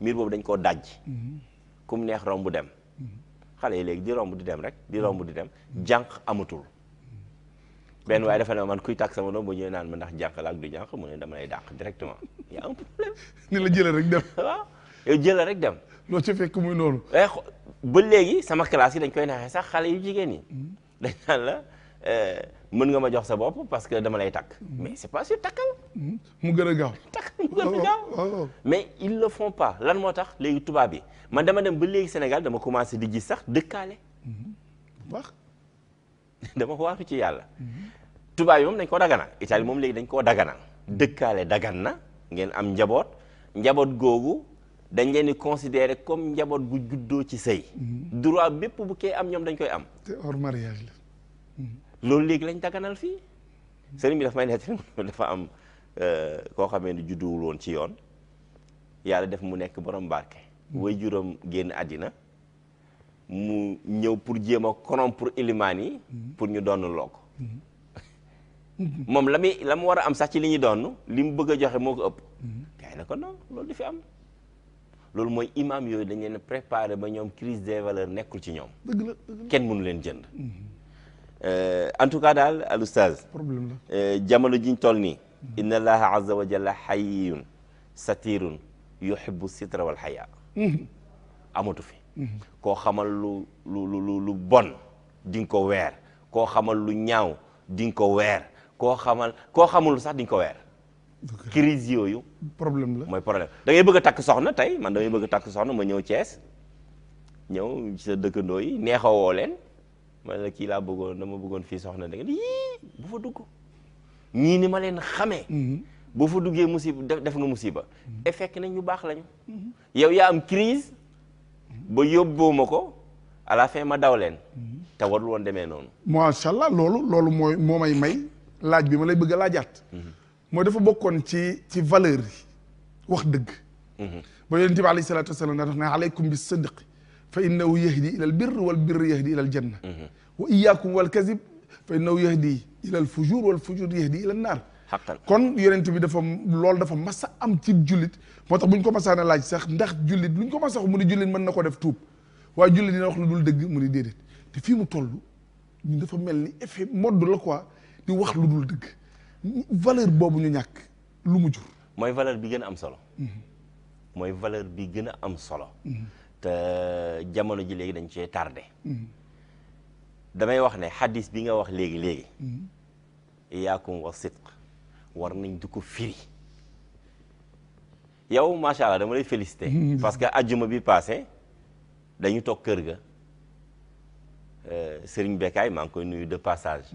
miir boobu dañ koo daj. Mm. kum neex romb dem xale yi léegi di romb di dem rek di romb di dem jànq amatul benn waaye dafa ne man kuy tàkk sama doom bu ñëwee naan ma ndax jànq la du jànq mu ne dama lay dàq directement y a problème [LAUGHS] ni la jëlee rek dem [LAUGHS] rek dem loolu ci fekk muy noonu. Eh, ba léegi sama classe yi dañ koy naxee sax xale yu jigéen ñi. Mm-hmm. dañ naan la eh, mën nga ma jox sa bopp parce que dama lay takk. Mm-hmm. mais c'est pas sûr takkal. Mm-hmm. mu gën a gaaw oh, oh, oh, mais ils le font pas lan moo tax léegi tubaab yi man dama dem ba léegi Sénégal dama commencé di gis sax dëkkaale. bu baax. [LAUGHS] dama waaru ci yàlla. tubaab yi moom dañ koo dagana Italie moom léegi dañ koo daganal dëkkaale dagan na ngeen am njaboot njaboot googu. dañ leen di considérer comme njaboot gu juddoo ci sëy mhm. droit bépp bu kee am ñoom dañ koy am. te mhm. loolu léegi lañ daganal fii. sëriñ bi dafa may nettali [LAUGHS] dafa am euh, koo xamee ni judduwul woon ci yoon yàlla def mu nekk borom barke. Mhm. way juróom génn àddina mu ñëw pour jéem a pour ilimaan yi. pour ñu donn loo ko. [LAUGHS] moom la muy la mu war a am sax ci li ñuy donn li mu bëgg a joxe moo ko ëpp. gars yi la ko non loolu di fi am. loolu mooy imam yooyu dañ leen préparé ba ñoom crise de valeurs nekkul ci ñoom. dëgg kenn mënu leen jënd. Euh, en tout cas daal al oustaz. problème la euh, jamono jiñ toll nii. inna allaha azza wa jalla xayyun satirun yuhibbu sitra wal xayaa. amatu fi. koo xamal lu lu lu bon di ko weer koo xamal lu ñaaw di ko weer koo xamal koo xamul sax di ko weer. crise yooyu. problème la mooy problème dangay bëgg a takk soxna tey man damay bëgg a takk soxna ma ñëw cees ñëw ci sa dëkkandoo yi neexawoo leen man la kii laa bëggoon dama bëggoon fii soxna da nga yii bu fa dugg ñii ni ma leen xamee. Mhm. boo fa duggee musiba def nga musiba. Mhm. et fekk nañ ñu baax lañu. Mhm. yow yaa am crise ba yóbboo ma ko à ma daw leen. te warul woon demee noonu. macha allah loolu loolu mooy moo may may laaj bi ma lay bëgg a laajaat. mooy dafa bokkoon ci ci valeur yi wax dëgg mhm. ba yonent bi alayhi salaatu wasalaam daa tax ne aleykum bi sidqi fa innahu yahdi ila al birr wal birr yahdi ila al janna mhm. wa iyaakum wal kazib fa innahu yahdi ila al fujur wal fujur yahdi ila an naar kon yonent bi dafa loolu dafa mas a am ci jullit moo tax bu ñu ko masaan a laaj sax ndax jullit lu ñu ko mas a wax mu ni jullit mën na ko def tuub waaye jullit dina wax lu dul dëgg mu ni déedéet te fii mu toll ñun dafa mel ni effet mode la quoi di wax lu dul dëgg valeur boobu ñu ñàkk lu mu jur. mooy valeur bi gën a am solo. Mm-hmm. mooy valeur bi gën a am solo. Mm-hmm. te jamono ji léegi dañ cee tardé. Mm-hmm. damay wax ne xadis bi nga wax léegi léegi. iyaakum wa sidq war nañ di ko firi. yow macha allah dama lay félicité. parce que ajjuma bi passé dañu toog kër ga. Euh, Serigne Bekkaay maa ngi koy nuyu de passage.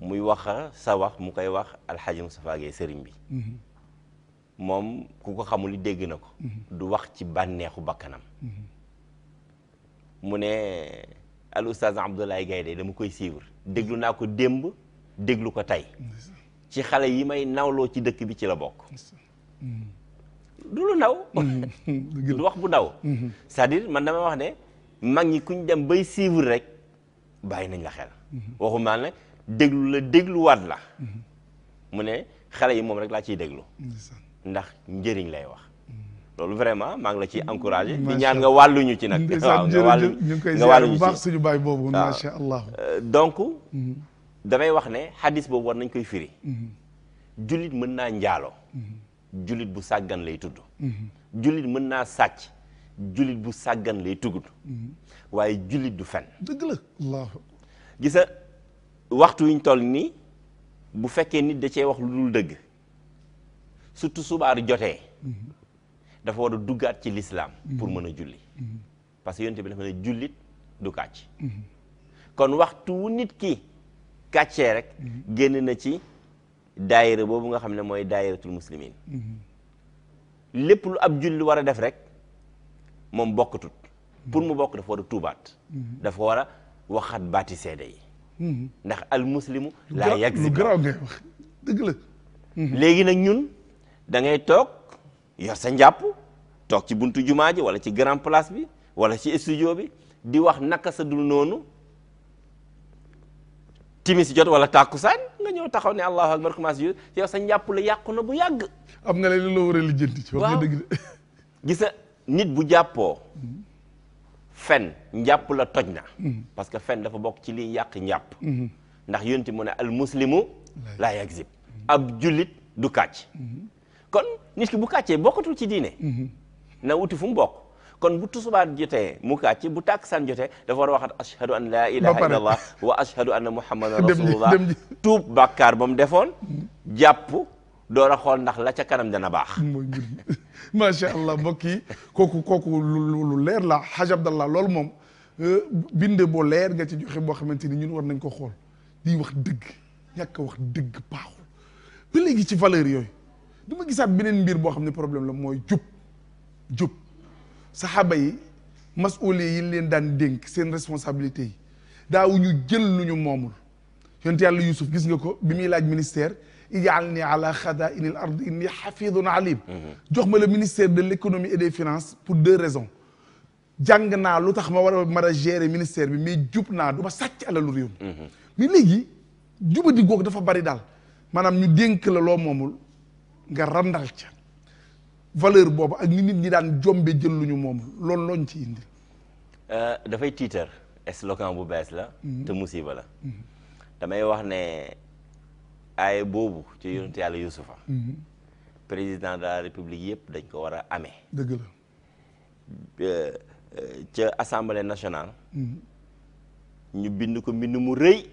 muy wax ah, sa wax mu koy wax alxaaji Moustapha sëriñ bi mhm. moom ku ko xamul dégg na ko mhm. du wax ci bànneexu bakkanam mhm. mu ne al oustaz Abdoulaye Gaye de dama koy suivre déglu naa ko démb déglu ko tey ci xale yi may nawloo ci dëkk bi ci la bokk du lu naw [LAUGHS] du wax bu naw cest man dama wax ne mag ñi kuñ dem bay suivre rek bàyyi nañ la xel waxuma nag déglu la dégluwaat la mhm. mu ne xale yi moom rek laa ciy déglu ndax njëriñ lay wax loolu vraiment maa ngi la ciy encouragé di ñaan nga wàlluñu ci nag waaw nga wàllu ñu ngi koy ziar bu baax suñu baay boobu macha allah euh, donc mhm. damay wax ne xadis boobu war nañ koy firi mhm. jullit mën naa njaaloo jullit bu sàggan lay tudd jullit mën naa sàcc jullit bu sàggan lay tuggud waaye jullit du fen dëgg la gisa waxtu yuñ toll nii bu fekkee nit da cee wax lu dul dëgg surtout subaar jotee dafa war a duggaat ci lislaam pour mën a julli parce que yonte bi dafa ne jullit du kàcc kon waxtu wu nit ki kàccee rek génn na ci daayira boobu nga xam ne mooy daayiratul muslimin lépp lu ab julli war a def rek moom bokkatut pour mu bokk dafa war a tuubaat dafa war a waxat baati seede yi ndax al muslimu laa yàgg si garaaw ngay [LAUGHS] léegi nag ñun da ngay toog yor sa njàpp toog ci buntu jumaa ji wala ci grand place bi wala ci studio bi di wax naka sa dul noonu timis jot wala tàkkusaan nga ñëw taxaw ne allahu akbar commencé yu yow sa njàpp la yàqu na bu yàgg am nga leen loo war a lijjanti ci wax nga dëgg de gisa nit bu jàppoo [LAUGHS] hmm. fen njàpp la toj na mm-hmm. parce que fen dafa bokk ci liy yàq njàpp mm-hmm. ndax yonti mu ne al muslimu laa yakzib ab jullit du kàcc mm-hmm. kon nit ki bu kàccee bokkatul ci diine na wuti fu mu kon bu tusubaat jotee mu kàcc bu tàkkusaan jotee dafa war a ashhadu an laa ilaha illa wa ashhadu anna muhammadan rasulullah tuub bàkkaar ba mu defoon jàpp door a xool ndax la ca kanam dana baax. [LAUGHS] macha allah mbokk yi kooku kooku lu lu leer la Haj Abdallah lool moom euh, bind boo leer nga ci joxe boo xamante ni ñun war nañ ko xool di wax dëgg ñàkk wax dëgg baaxul ba léegi ci valeur yooyu duma gisaat beneen mbir boo xam ne problème la mooy jub jub saxaaba yi masuule yi leen daan dénk seen responsabilité yi daaw ñu jël lu ñu moomul yonent yàlla Yuusuf gis nga ko bi muy laaj ministère. ij'alni ala khaza'ini al-ard inni hafidun alim jox ma le ministère de l'économie et des finances pour deux raisons jàng naa lu tax ma war a mën a ministère bi mais jub naa du ma sàcc alalu réew mi mais léegi jubadi googu dafa bari daal maanaam ñu dénk la loo moomul nga randal ca valeur boobu ak ni nit ñi daan jombe jël lu ñu moomul loolu looñ ci indi euh, dafay tiitar slogan bu bees la te musiba la mm-hmm. damay wax ne aaye boobu ci mm-hmm. yonent yàlla Yuusufa mm-hmm. président de la république yëpp dañ ko war a amee dëgg la euh, ca assemblée nationale mm-hmm. ñu bind ko mbind mu rëy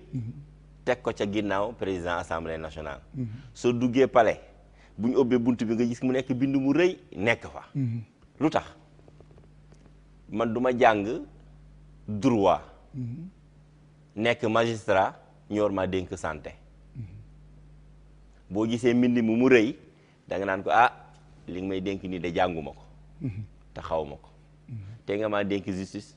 teg ko ca ginnaaw président assemblée nationale soo duggee pale bu ñu ubbee bunt bi nga gis mu nekk bind mu rëy nekk fa lu tax man duma jàng droit nekk magistrat ñor ma dénk santé boo gisee mbind mi mu rëy danga naan ko ah li nga may dénk nii de jànguma ko mhm. te xaw ma ko mhm. te nga maa dénk justice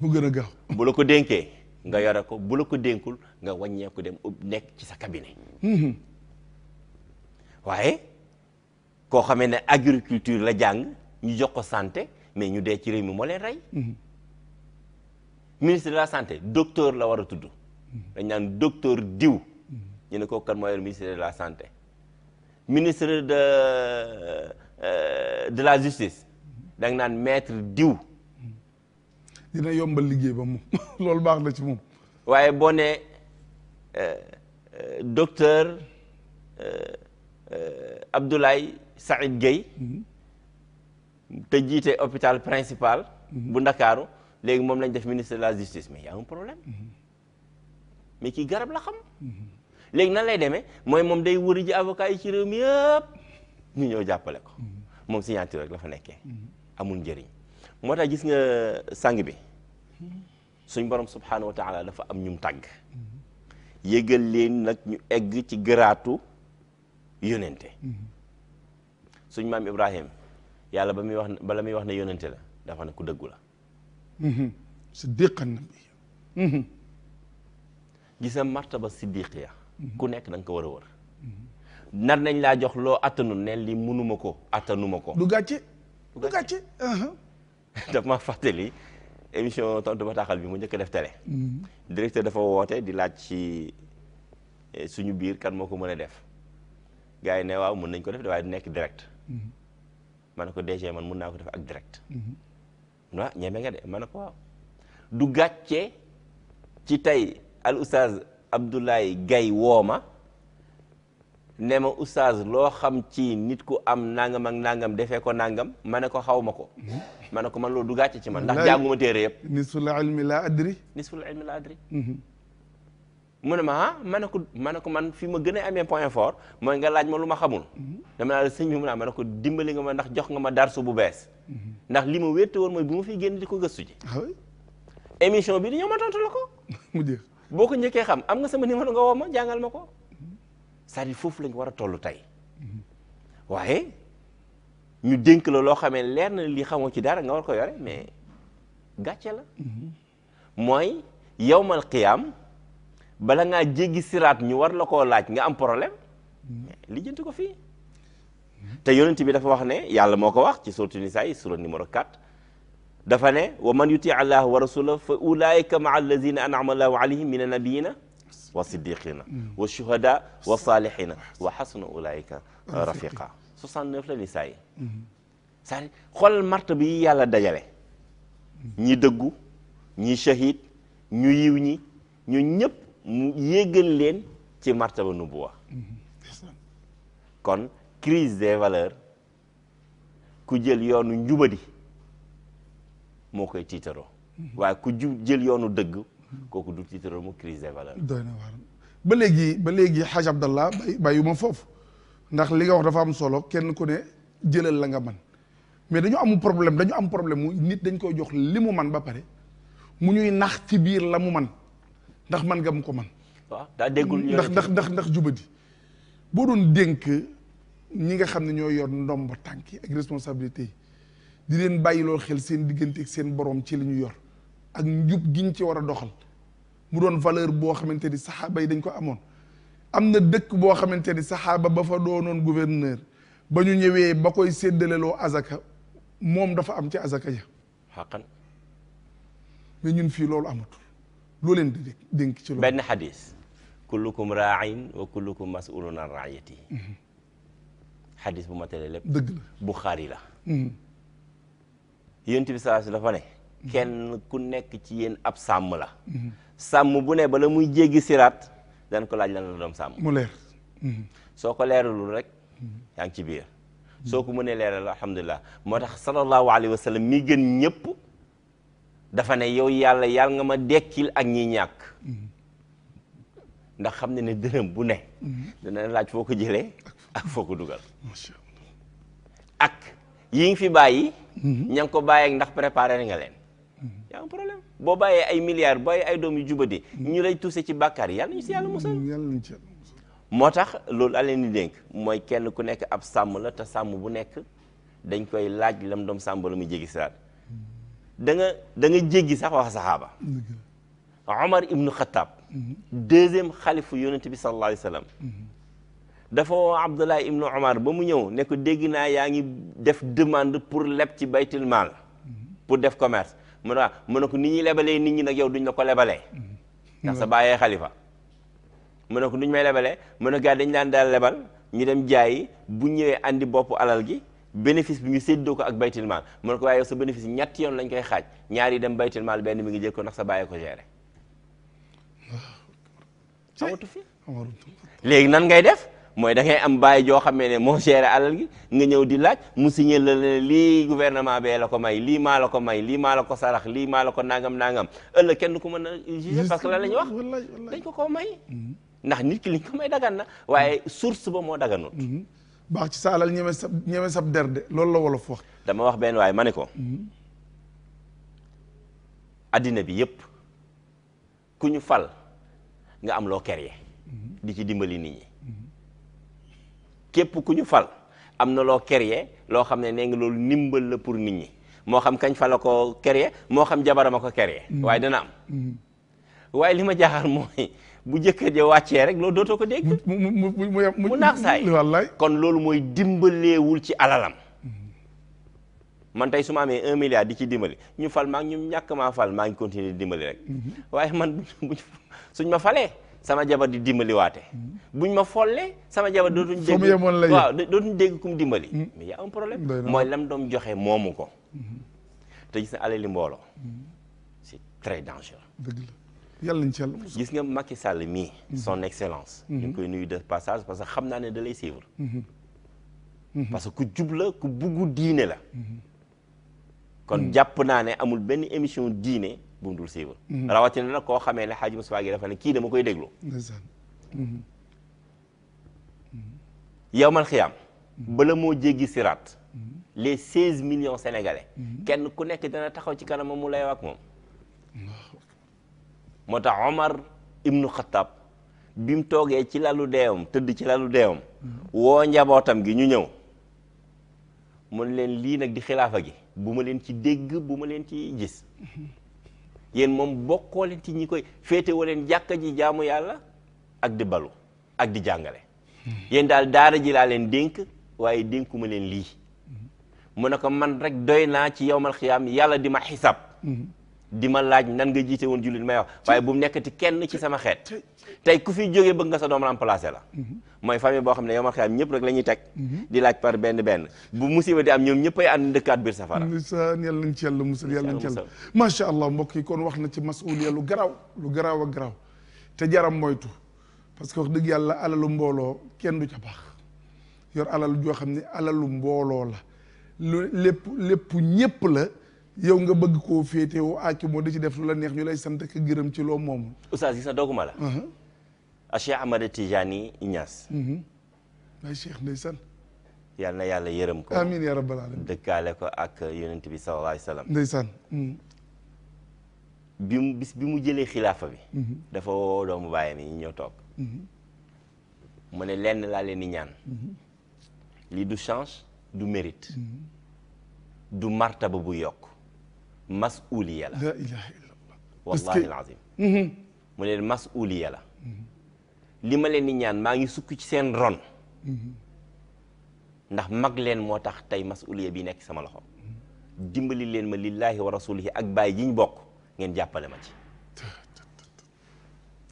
bu gën a gaaw bu la ko dénkee nga yore ko bu la ko dénkul nga wàññeeku dem ub nekk ci sa cabinet mhm. waaye koo xamee ne agriculture la jàng ñu jox ko santé mais ñu dee ci réew mi moo leen rey ministre la sante docteur la war a tudd dañ naan docteur diw ñu ne kooku kan mooy ministre de la santé ministre de euh, de la justice da naan metre diw. dina yombal liggéey ba moom [LAUGHS] loolu baax na ci moom. waaye boo nee euh, euh, docteur Abdoulaye Saïd Gueye. Mm-hmm. te jiite hôpital principal. Mm-hmm. bu Ndakaaru léegi moom lañ def ministre de la justice mais y a problème mm-hmm. mais kii garab la xam. léegi nan lay demee mooy moom day wëri ji avocat yi ci réew mi ñu ñëw jàppale ko mm-hmm. moom signature rek la fa nekkee mm-hmm. amul njëriñ moo tax gis nga euh, sang bi mm-hmm. suñ borom subhaanahu wa dafa am ñum tàgg yëgal leen nag ñu egg ci gëraatu yónente suñ maam Ibrahim yàlla ba muy wax bala muy wax ne yónente la dafa ne ku dëggu la siddiqan nabi gis nga martaba siddiqiya ku nekk da ko war a wër nar nañ laa jox loo attanul ne li mënuma ko attanuma ko du gàcce du uh-huh. ma fàttali émission tontu taxal bi mu njëkk def télé mm-hmm. directeur dafa woote di laaj ci eh, suñu biir kan moo ko mën a def gaa yi ne waaw mën nañ ko def waaye du nekk direct mm-hmm. ma ne ko DG man mën naa ko def ak direct waaw mm-hmm. ah, ñeme nga de ma ne ko waaw du gàcce ci tey al oustaz Abdoulaye Gaye wooma ne ma oustaz loo xam ci nit ku am nangam ak nangam defee ko nangam ma ne ko xaw ma ko mhm. ma ne ko man loolu du gàcce ci man ndax jànguma téere yëpp nisful ilmi la adri nisful ilmi la mhm. ne ma ah? ma ne ko ma ne ko man fi ma gën a amee point fort mooy laaj ma lu ma xamul mhm. dama sëñ bi ah, ma ne ko dimbali nga ma ndax jox nga ma darsu bu bees ndax li ma wétte woon mooy bi ma fi génn di ko gëstu ji ah émission bi di ñëw ma tontu ko [LAUGHS] boo ko njëkkee xam am nga sama numéro nga woo ma jàngal ma ko cest foofu lañ war a tollu tey waaye ñu dénk la loo xamee leer na li xamoo ci dara nga war ko yore mais gàcce la mooy yowmal qiyaam bala ngaa jéggi siraat ñu war la koo laaj nga am problème li jënt ko fii te yonent bi dafa wax ne yàlla moo ko wax ci sourate Nisaa yi sura numéro 4 dafa ne wa man yuti allah wa rasulahu fa ulaika maa allazina anama allahu alayhim min wa siddiqina wa shuhada wa salihina wa xasuna ulaika rafiqa 69 la ni saa xool marte bi yàlla dajale ñi dëggu ñi shahid ñu yiw ñi ñu ñëpp mu yéegal leen ci martaba nubuwa kon crise des valeurs ku jël yoonu njubadi moo koy tiitaroo waaye ku ju jël yoonu dëgg kooku du tiitaroo mu crise des valeurs doy na ba léegi ba léegi xaaj abdallah bay bàyyu ma foofu ndax li nga wax dafa am solo kenn ku ne jëlal la nga man mais dañu am problème dañu am problème mu nit dañ koy jox li mu man ba pare mu ñuy nax ci biir la mu man ndax man nga mu ko man waaw daa déggul ndax ndax ndax ndax jubadi boo doon dénk ñi nga xam ne ñoo yor ndomb tànk yi ak responsabilité yi di leen bàyyiloo xel seen diggante ak seen boroom ci lu ñu yor ak njub giñ ci war a doxal mu doon valeur boo xamante ni saxaaba yi dañ ko amoon am na dëkk boo xamante ni saxaaba ba fa doonoon gouverneur ba ñu ñëwee ba koy séddaleloo azaka moom dafa am ci azaka ja xaqan mais ñun fii loolu am loo leen di dénk ci loolu benn xadis kullukum raain wa kullukum masulun an raayatihi mhm. xadis bu ma tëlee lépp dëgg la yonent bi saa dafa ne mhm. kenn ku nekk ci yéen ab sàmm la mhm. sàmm bu ne bala muy jéggi siraat dañ ko laaj lan la doom sàmm mu leer mhm. soo ko leeralul rek yaa ngi ci biir soo ko mënee leeral alhamdulilah moo tax sallallahu alayhi wa sallam mi gën ñëpp dafa ne yow yàlla yàlla nga ma dekkil ak ñi ñàkk ndax xam ne ni dërëm bu ne dana laaj foo ko jëlee ak foo ko dugal yi nga fi bàyyi. Mhm. ña ngi ko bàyyeeg ndax préparé nga leen. Mhm. yaa am problème boo bàyyee ay milliards bàyyi ay doom yu jubadi. Mhm. ñu lay tuuse ci bàkkaar yàlla ñu si yàlla musal. moo tax loolu la di dénk mooy kenn ku nekk ab sàmm la te sàmm bu nekk dañ koy laaj lam doom sàmm la mu jéggi siraat da nga da jéggi sax wax saxaaba Omar ibnu Khattab deuxième xalifu yonente bi sallallahu alayhi wa sallam dafa woo Abdullah ibnu Omar ba mu ñëw nekk dégg naa yaa ngi def demande pour leb ci baytul maal pour def commerce mu ne mu ko ni ñuy lebalee nit ñi nag yow duñu la ko lebalee mm-hmm. ndax sa bàyyee xalifa mu ne ko duñ may lebalee mu ne gars dañ daan daal lebal ñu dem jaayi bu ñëwee indi bopp alal gi bénéfice bi ñu séddoo ko ak baytil maal mën ne ko waaye yow sa bénéfice ñetti yoon lañ koy xaaj ñaari dem baytil mal benn mi ngi jël ko ndax sa bàyyee ko géré fi léegi nan ngay def mooy da am bàyyi joo xamee ne moo géré alal gi nga ñëw di laaj mu signé la lii gouvernement bee la ko may lii maa la ko may lii maa la ko sarax lii maa la ko nangam naagam ëllëg kenn ku mën a jugé la ñuy wax dañ ko ko may mm-hmm. ndax nit ki liñ ko may dagan na waaye source ba moo daganut mm-hmm. baax ci sa alal ñeme sa ñeme sab derde loolu la wolof wax dama wax benn waaye ma ne ko mm-hmm. addina bi yëpp ku ñu fal nga am loo créé di ci dimbali nit ñi képp ku ñu fal am na loo créé loo xam ne nee nga loolu ndimbal la pour nit ñi moo xam kañ fala ko kerye moo xam jabarama ko créé. Mm. waaye dana am. Mm. waaye li ma jaaxal mooy [LAUGHS] bu jëkkër ja wàccee rek loolu dootoo ko dégg. mu mu mu mu mu naax saay kon loolu mooy dimbaleewul ci alalam. Mm. man tey su ma un milliard di ci dimbali ñu fal maa ngi ñàkk maa fal maa dimbali rek. Mm-hmm. waaye man [LAUGHS] buñ suñ ma falee. sama jabar di dimbaliwaate mm-hmm. buñ ma folle sama jabar mm-hmm. dootuñ dégg waaw dootuñ dégg kum dimbali mm-hmm. mais y a un problème mooy lam doom joxe moomu ko te gis na alali mbooloo c'est très dangereux dëgg la yàlla ñu ci yàlla gis nga Macky Sall mii son excellence ñu ngi koy nuyu de passage parce que xam naa ne dalay lay parce que ku jub la ku buggu diine la kon jàpp naa ne amul benn émission diine bu mu dul suivre. Mhm. rawatina nag koo xamee ne xaaji Moustapha gi dafa ne kii dama koy déglu. yow man mhm. mhm. xiyaam. bala moo jéggi siraat. les seize millions sénégalais. kenn ku nekk dana taxaw ci kanamam mu lay wax moom. moo tax Omar ibnu Khattab bi mu toogee ci lalu deewam tëdd ci lalu deewam. woo njabootam gi ñu ñëw. mu leen lii nag di xilaafa gi bu ma leen ci dégg bu ma leen ci gis. yéen moom bokkoo leen ci ñi koy féetewoo leen jàkka ji jaamu yàlla ak di balu ak di jàngale yéen daal daara ji laa leen dénk waaye dénkuma leen lii mm-hmm. mu ne ko man rek doy naa ci yowmal xiyaam yàlla di ma xisaab mm-hmm. di ma laaj nan nga jiite woon jullit may wax waaye bu mu nekkati kenn ci sama xeet tey ku fi jógee bëgg nga sa doom remplacé la mooy famille boo xam ne yow ma xam ñëpp rek la ñuy teg di laaj par benn benn bu musiba di am ñoom ñëpp ay ànd dëkkaat biir safara ndeysaan yàlla nañ ci yàlla musal yàlla nañ ci yàlla macha allah mbokk yi kon wax na ci masuuliya lu garaaw lu garaaw ak garaaw te jaram moytu parce que wax dëgg yàlla alalu mbooloo kenn du ca baax yor alal joo xam ne alalu mbooloo la lu lépp lépp ñëpp la yow nga bëgg koo féetewoo ak moo di ci def lu la neex ñu lay sant ak gërëm ci loo moom. oustaz yi sa doguma la. Uh-huh. a Cheikh Ahmada uh-huh. yal na yàlla yërëm ko amiin yaa dëkkaale ko ak yonent bi sallallahu alayhi wasallam. ndeysaan. Mm. bi mu bis bi mu jëlee xilaafa bi. Mm-hmm. dafa woo doomu bàyyam yi ñëw toog. Mm-hmm. mu ne lenn laa leen ñaan. Mm-hmm. lii du chance du mérite. du martaba bu yokk. masuliya la. la ilaha illallah. wallahi alazim mhm. mu leen masuliya la. Mhm. li ma leen di ñaan maa ngi sukk ci seen ron. Mhm. ndax mag leen moo tax tey masuliya bi nekk sama loxo. dimbali leen ma lillahi wa rasulihi ak baay yi ñu bokk ngeen jàppale ma ci.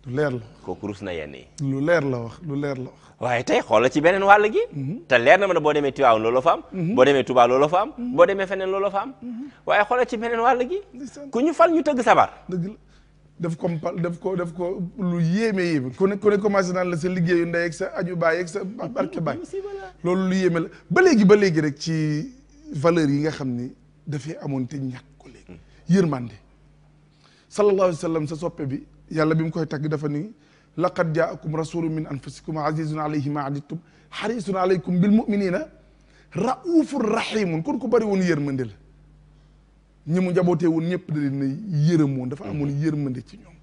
lu leer la kooku rus na yenn lu leer la wax lu leer la wax waaye tey xoolal ci beneen wàll gi mhm. te leer na ma ne boo demee Tiwaawan looloo fa am mhm. boo demee Touba looloo am mhm. boo demee feneen looloo fa am waaye xoolal ci beneen wàll gi ku ñu fal ñu tëgg sabar dëgg la daf ko daf ko daf ko lu yéeme yéeme ku ne ku commencé naan la sa liggéeyu ndey ak sa aju baay ak sa barke loolu lu yéeme la ba léegi ba léegi rek ci valeur yi nga xam ni dafay amoon te ñàkk ko léegi mm. yërmande sallallahu alayhi wa sallam sa soppe bi yàlla bi mu koy tagg dafa ni laqad jaakum rasulun min anfusikum azizun alayhi ma anittum xarisun alaykum bil muminina raufun rahimun kon ku bari woon yërmande la ñi mu njabootee woon ñëpp da leen a yërëmoon dafa amoon mm-hmm. yërmande ci ñoom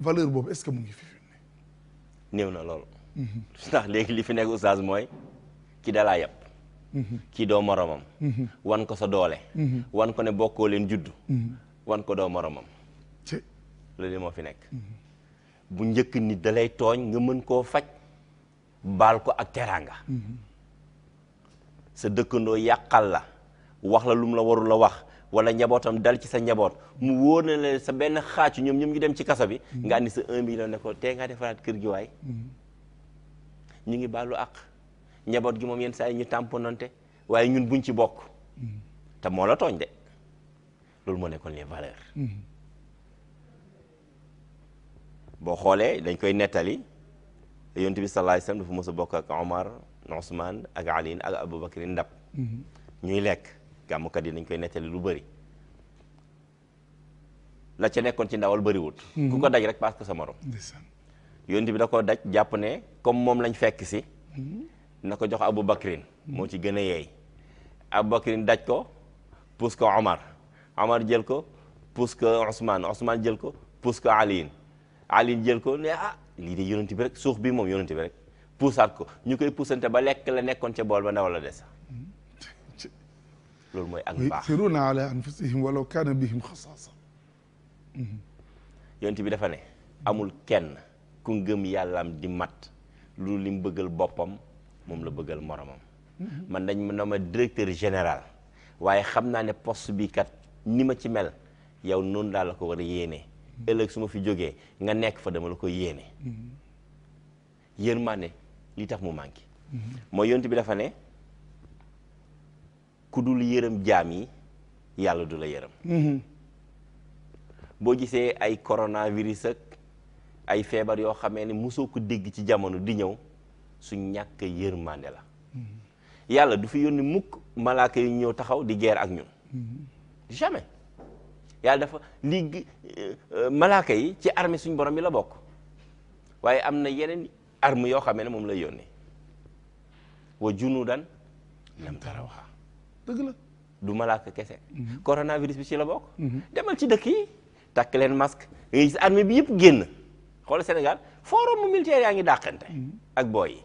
valeur boobu est-ce que mu ngi fi fi ne néew na loolu mm-hmm. [LAUGHS] ndax léegi li fi nekk oustaz mooy ki dalaa yàpp mm-hmm. kii doo moromam wan ko sa doole wan ko ne bokkoo leen judd wan ko doo moromam loolu moo fi nekk bu njëkk nit dalay tooñ nga mën koo faj baal ko ak teraanga sa dëkkandoo yàqal la wax la lu mu la warul la wax wala njabootam dal ci sa njaboot mu wóor na la sa benn xaacu ñoom ñoom ñu dem ci kaso bi mm-hmm. nga andi sa un million ne tee ngaa defaraat kër gi waay mm-hmm. ngi baalu àq njaboot gi moom yenn saa yi ñu tamponante waaye ñun buñ ci bokk mm-hmm. te tooñ de loolu moo nekkoon les valeurs boo xoolee dañ koy nettali yonent bi sallallahu alayhi wasallam dafa mos bokk ak Omar Ousmane ak Ali ak Aboubacar ndab mm-hmm. ñuy lekk gàmmukat yi dañ koy nettali lu bari la ca nekkoon ci ndawal bëriwut mm-hmm. ku ko daj rek parce que sa morom yonent bi da ko daj jàpp ne comme moom lañ fekk si mm-hmm. na ko jox abu bakrin moo ci gën a yeey Aboubacar daj ko pousse ko Omar Omar jël ko pousse ko Ousmane Ousmane jël ko pousse ko Aliin Ali jël ko ne ah lii de yonent bi rek suuf bi moom yonent bi rek puusaat ko ñu koy puusante ba lekk la nekkoon ca bool ba ndaw la des. loolu mooy ak baax wa yu'thiruuna ala anfusihim walaw kaana bi dafa ne amul kenn ku ngëm yàllaam di mat lu lim bëggal boppam moom la bëggal moromam. man dañ ma nommé directeur général waaye xam naa ne post bi kat ni ma ci mel yow noonu daal la ko war a yéenee. ëllëg su ma fi jógee nga nekk fa dama la koy yéene yërmande li tax mu manqué mooy yonent bi dafa ne ku dul yërëm jaam yi yàlla du la yërëm boo gisee ay coronavirus ak ay feebar yoo xamee ne musoo ko dégg ci jamono di ñëw su ñàkk yërmande la yàlla du fi yónni mukk malaaka yi ñëw taxaw di guerre ak ñun jamais yàlla dafa lii euh, euh, malaaka yi ci armée suñu borom bi la bokk waaye am na yeneen arme yoo xamee ne moom la yónnee wa junuudan lam tarawha dëgg la du malaaka kese mhm. coronavirus bi ci la bokk mhm. demal ci dëkk yi takk leen masque nga gis bi yëpp génn xool Sénégal forum yaa ngi dàqante mhm. ak booy yi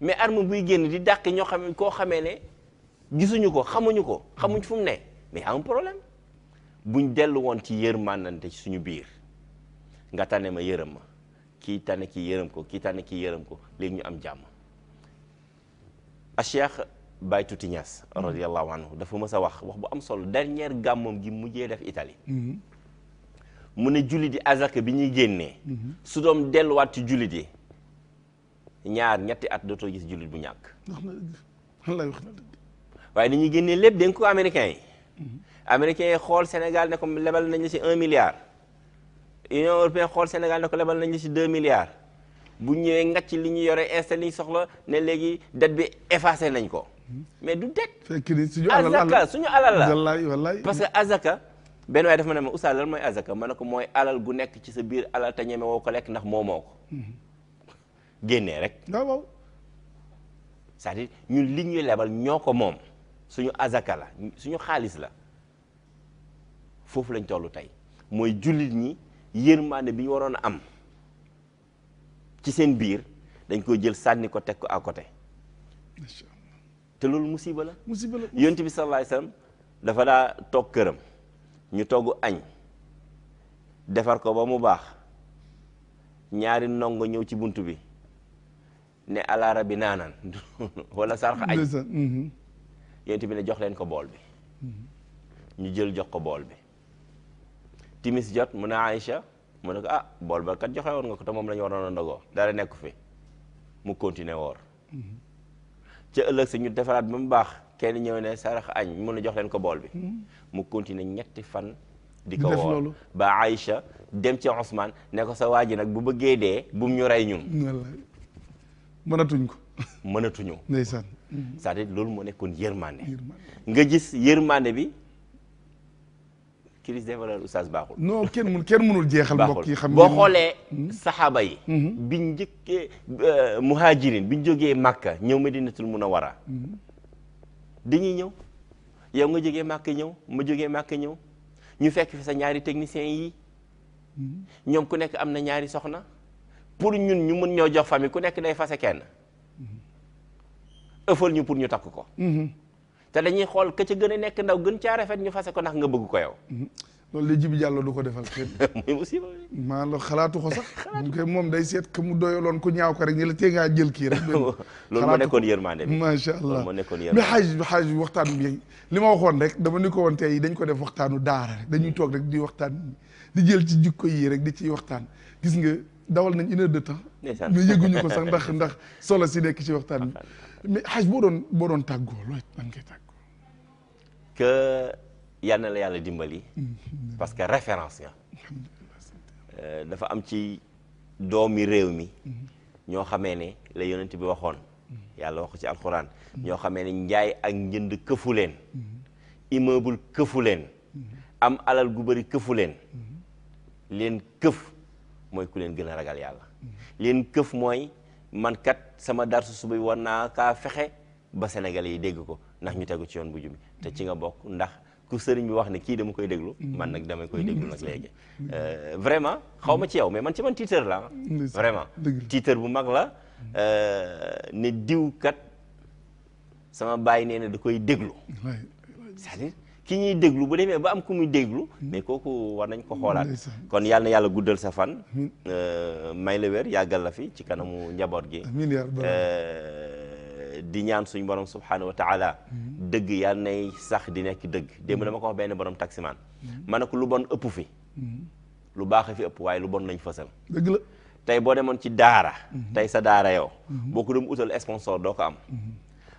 mais arme buy génn di dàq ñoo xam koo xamee ne gisuñu ko xamuñu ko xamuñ fu mu ne mais am problème buñ dellu woon ci yërmandante ci suñu biir nga tane ma yërëm ma kii tane kii yërëm ko kii tane yërëm ko léegi ñu am jàmm a cheikh Baye Tuuti Ñas dafa mës a wax wax bu am solo dernière gàmmoom gi mujjee def Italie mm-hmm. mu ne jullit yi azaka bi ñuy génnee mm-hmm. su doom delluwaat ci jullit yi ñaar ñetti at dootoo gis jullit bu ñàkk waaye dañuy génnee lépp dénk ko américain yi américains yi xool Sénégal ne ko lebal nañ la ci un milliard union européenne xool Sénégal ne ko lebal nañ la ci deux milliards bu ñëwee ci li ñu yore installé li soxla ne léegi dette bi effacé nañ ko mais du det fekk ni suñu alal la suñu parce que azaka benn waaye dafa ma ne man oustaz mooy ne ko mooy alal gu nekk ci sa biir alal te ñeme woo ko lekk ndax moomoo ko mhm. génnee rek waaw waaw cest li ñuy lebal ñoo ko moom suñu azaka la suñu xaalis la foofu lañ tollu tey mooy jullit ñi mànde bi ñu waroon a am ci seen biir dañ koy jël sànni ko teg ko à côté te loolu musiba la musiba la bi sallallahu alayhi wasallam dafa daa toog këram ñu togg añ defar ko ba mu baax ñaari ndongo ñëw ci bunt bi ne alaara bi naanaan [LAUGHS] wala sarx añ mhm. yonent bi ne jox leen ko bool bi ñu jël jox ko bool bi timis jot mu ne Aïcha mu ne ko ah bool ba kat joxe woon nga ko te moom la ñu waroon a ndogoo dara nekk fi mu continuer woor ci ëllëg si ñu defaraat ba mu baax kenn ñëw ne sarax añ mun na jox leen ko bool bi mu continuer ñetti fan di ko woor ba Aïcha dem ci Ousmane ne ko sa waa ji nag bu bëggee dee bum ñu rey ñun mënatuñ ko mënatuñu ndeysaan Mhm. cest à loolu moo nekkoon yërmande nga gis yërmande bi crise des valeurs oustaz baaxul non kenn mun kenn mënul jeexal mbokk yi xam boo xoolee hmm? saxaaba yi hmm? biñ njëkkee euh, muhajirin biñ jógee màkka ñëw madinatul munawara hmm? dañuy ñëw yow nga jógee màkka ñëw ma jógee màkka ñëw ñu fekk fi sa ñaari technicien yi ñoom ku nekk am na ñaari soxna pour ñun ñu mën ñoo jox famille ku nekk day fase kenn ëffal ñu pour ñu takk ko mhm. te dañuy xool ka ca gën a nekk ndaw gën caa rafet ñu fase ko ndax nga bëgg ko yow mhm. loolu la Jibi Jàllo du ko defal kenn [LAUGHS] muy musiba maa la xalaatu ko sax ñu koy moom day seet que mu doyaloon ko ñaaw ko rek ni la tee ngaa jël kii rek [LAUGHS] loolu moo nekkoon yërmande bi macha allah moo nekkoon yërmande mais xaaj xaaj waxtaan bi li ma waxoon rek dama ni ko woon tey dañ ko def waxtaanu daara rek dañuy toog rek di waxtaan di jël ci jikko yi rek di ciy waxtaan gis nga dawal nañ une heure de temps mais yëguñu ko sax [LAUGHS] ndax ndax solo si nekk ci waxtaan bi mais xaj boo doon boo doon tàggoo looy nan tàggoo. que yal na la yàlla dimbali. Mm-hmm. parce que référence nga. Euh, dafa am ci doomi réew mi. Mm-hmm. ñoo xamee ne la yonent bi waxoon. Mm-hmm. yàlla waxu ci alxuraan. ñoo xamee ne njaay ak njënd këfu leen. immeuble këfu leen. am alal gu bari këfu leen. leen këf mooy ku leen gën a ragal yàlla. leen këf mooy. man kat sama darsu suba bi war naa kaa fexe ba Sénégalais yi dégg ko ndax ñu tegu ci yoon bu jub te ci nga bokk ndax ku sëriñ bi wax ne kii dama koy déglu. man nag damay koy déglu nag léegi. Euh, vraiment xaw ma ci yow mais man ci man tiitar la vraiment tiitar bu mag la euh, ne diw kat sama bàyyi nee na da koy déglu. ki ñuy déglu bu demee ba am ku muy déglu mais kooku war nañ ko xoolaat kon yàlla na yàlla guddal sa fan euh, may la wér yàggal la fi ci kanamu njaboot gi euh, di ñaan suñu borom subhaanahu wa taala dëgg yàlla nay sax di nekk dëgg démb dama ko benn borom taximaan ma ne ko lu bon ëpp fi lu baax a fi ëpp waaye lu bon lañ fësal dëgg la tey boo demoon ci daara tey sa daara yow boo ko doon utal sponsor doo ko am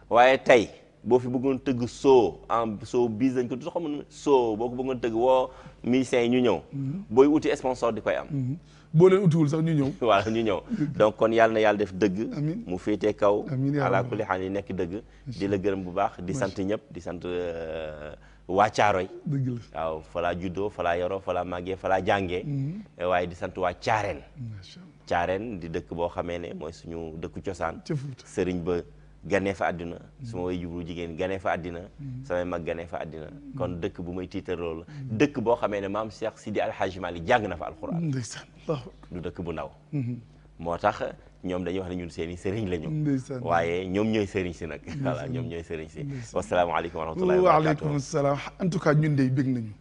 waaye tey boo fi bëggoon tëgg soo en soo bis dañ ko tudd xam nga soo boo ko bëggoon tëgg woo musiciens yi ñu ñëw. Mm-hmm. booy uti sponsor di koy am. Mm-hmm. boo leen utiwul sax ñu ñëw. waaw [LAUGHS] ñëw mm-hmm. donc kon yàlla na yàlla def dëgg. mu féetee kaw. amiin yi nekk dëgg. di la gërëm bu baax di sant ñëpp di sant euh, waa Caaroy. dëgg falaa juddoo falaa yoroo falaa màggee falaa jàngee. Eh waaye di sant waa Caareen. Caareen di dëkk boo xamee ne mooy suñu dëkku cosaan. Sëriñ Ba. ganee fa àddina mm. su ma way jublu jigéen ganee fa àddina mm. samay mag ganee fa àddina mm. kon dëkk bu may tiitar loolu la dëkk boo xamee ne maam Cheikh Sidi Alhaji Malick jàng na fa alxuraan du dëkk bu ndaw mm-hmm. moo tax ñoom dañuy wax ne ñun seen i sëriñ lañu waaye ñoom ñooy sëriñ si nag voilà ñoom ñooy sëriñ si wasalaamaaleykum wa rahmatullahi wa barakatuh waaleykum tout cas ñun dey bég nañu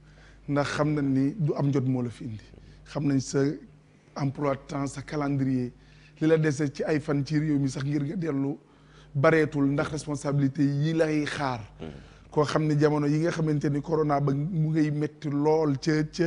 ndax xam na ni du am njot moo la fi indi xam nañ sa emploi temps sa calendrier li la dese ci ay fan ci réew mi sax ngir nga dellu bareetul ndax responsabilité yi lay xaar koo xam ne jamono yi nga xamante ni corona ba mu ngay metti lool ca ca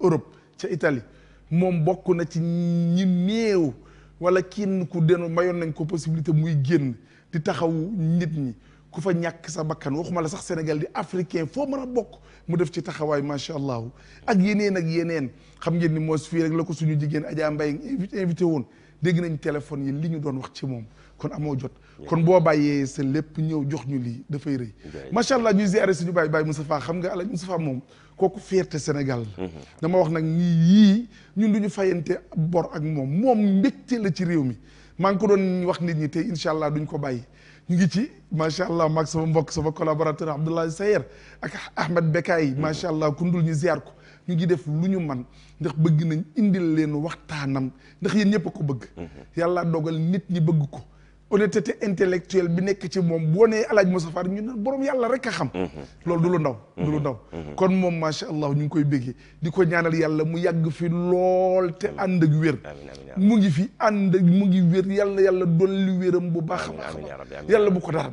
Europe ca Italie moom bokk na ci ñi néew wala kenn ku deno mayoon nañ ko possibilité muy génn di taxawu nit ñi ku fa ñàkk sa bakkan waxuma la sax Sénégal di africain foo mën a bokk mu def ci taxawaay macha allah ak yeneen ak yeneen xam ngeen ni moos fii rek la ko suñu jigéen Adja Mbaye invité woon dégg nañ téléphone yi li ñu doon wax ci moom kon amoo jot kon boo bàyyee sa lépp ñëw jox ñu lii dafay rëy macha allah ñuy ziare suñu bàyyi bàyyi Moustapha xam nga alaaj Moustapha moom kooku fierté Sénégal la mhm. dama wax nag nii yii ñun du ñu fayante bor ak moom moom mbégte la ci réew mi maa ngi ko doon wax nit ñi tey incha allah duñ ko bàyyi ñu ngi ci macha allah maag sama mbokk sama collaborateur Abdoulaye Sayer ak Ahmed Bekay macha mhm. allah kundul ñu ziar ko ñu ngi def lu ñu man ndax bëgg nañ indil leen waxtaanam ndax yéen ñëpp ko bëgg mhm. yàlla dogal nit ñi bëgg ko te te intellectuelle bi nekk ci moom boo nee alaaj Moustapha ñu ne borom yàlla rek a xam mhm. loolu du lu ndaw du lu mhm. ndaw mhm. kon moom macha allah ñu ngi koy béggee di ko ñaanal yàlla mu yàgg fi lool te ànd ak wér mu ngi fi ànd ak mu ngi wér yàlla yàlla dolli wéram bu baax a baax yàlla bu ko dara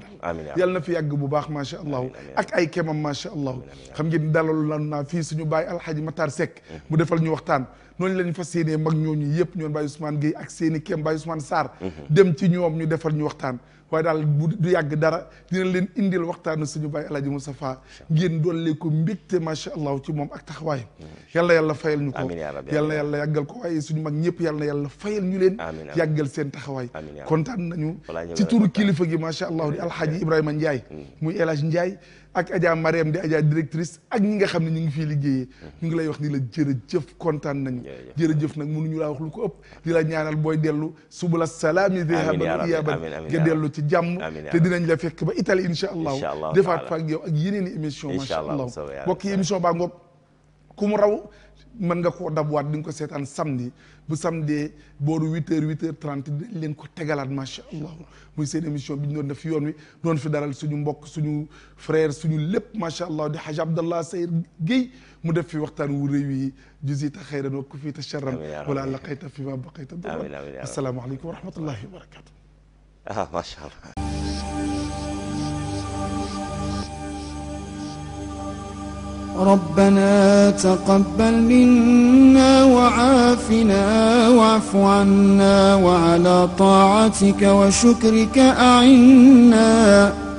dal na fi yàgg bu baax macha allah ak ay kemam macha allah xam ngeen dalal naa fii suñu bàyyi alxaaji Matar Seck mu defal ñu waxtaan noonu lañ fa yéenee mag ñooñu yëpp ñoon Baye Ousmane Gueye ak seeni kem Baye Ousmane Sarr dem ci ñoom ñu defal ñu waxtaan waaye daal bu du yàgg dara dina leen indil waxtaanu suñu Baye El Hadj Moustapha ngeen dolli ko mbégte macha allah ci moom ak taxawaay yàlla yàlla fayal ñu ko yàlla yàlla yàggal ko waaye suñu mag ñëpp yàlla yàlla fayal ñu leen yàggal seen taxawaay kontaan nañu ci turu kilifa gi macha allah di alhaaji Ibrahima Ndiaye mm. muy El Hadj Ndiaye ak Adja Mariam di Adja directrice ak ñi nga xam ne ñu ngi fii liggéeyee ñu ngi lay wax ni la jërëjëf kontaan nañu jërëjëf nag ñu laa wax lu ko ëpp di la ñaanal booy dellu subula salaami déhaban iyaban nga dellu ci jàmm te dinañ la fekk ba Italie incha allah defaat fa ak yow ak yeneen i émission macha allah mbokk yi émission baa ngoog mu raw mën nga koo dabwaat di nga ko seetaan samedi bu samedi booru huit heures huit heures trente dañ ko tegalaat macha allah muy seen émission bi ñu doon def yoon wi doon fi daral suñu mbokk suñu frère suñu lépp macha allah di haj Abdallah Seyr Guèye mu def fi waxtaan wu réew yi juzita xayran wa kufita charran wala laqayta fi ma baqayta darran asalaamaaleykum wa rahmatullahi wa barakatu ah macha allah ربنا تقبل منا وعافنا واعف عنا وعلى طاعتك وشكرك أعنا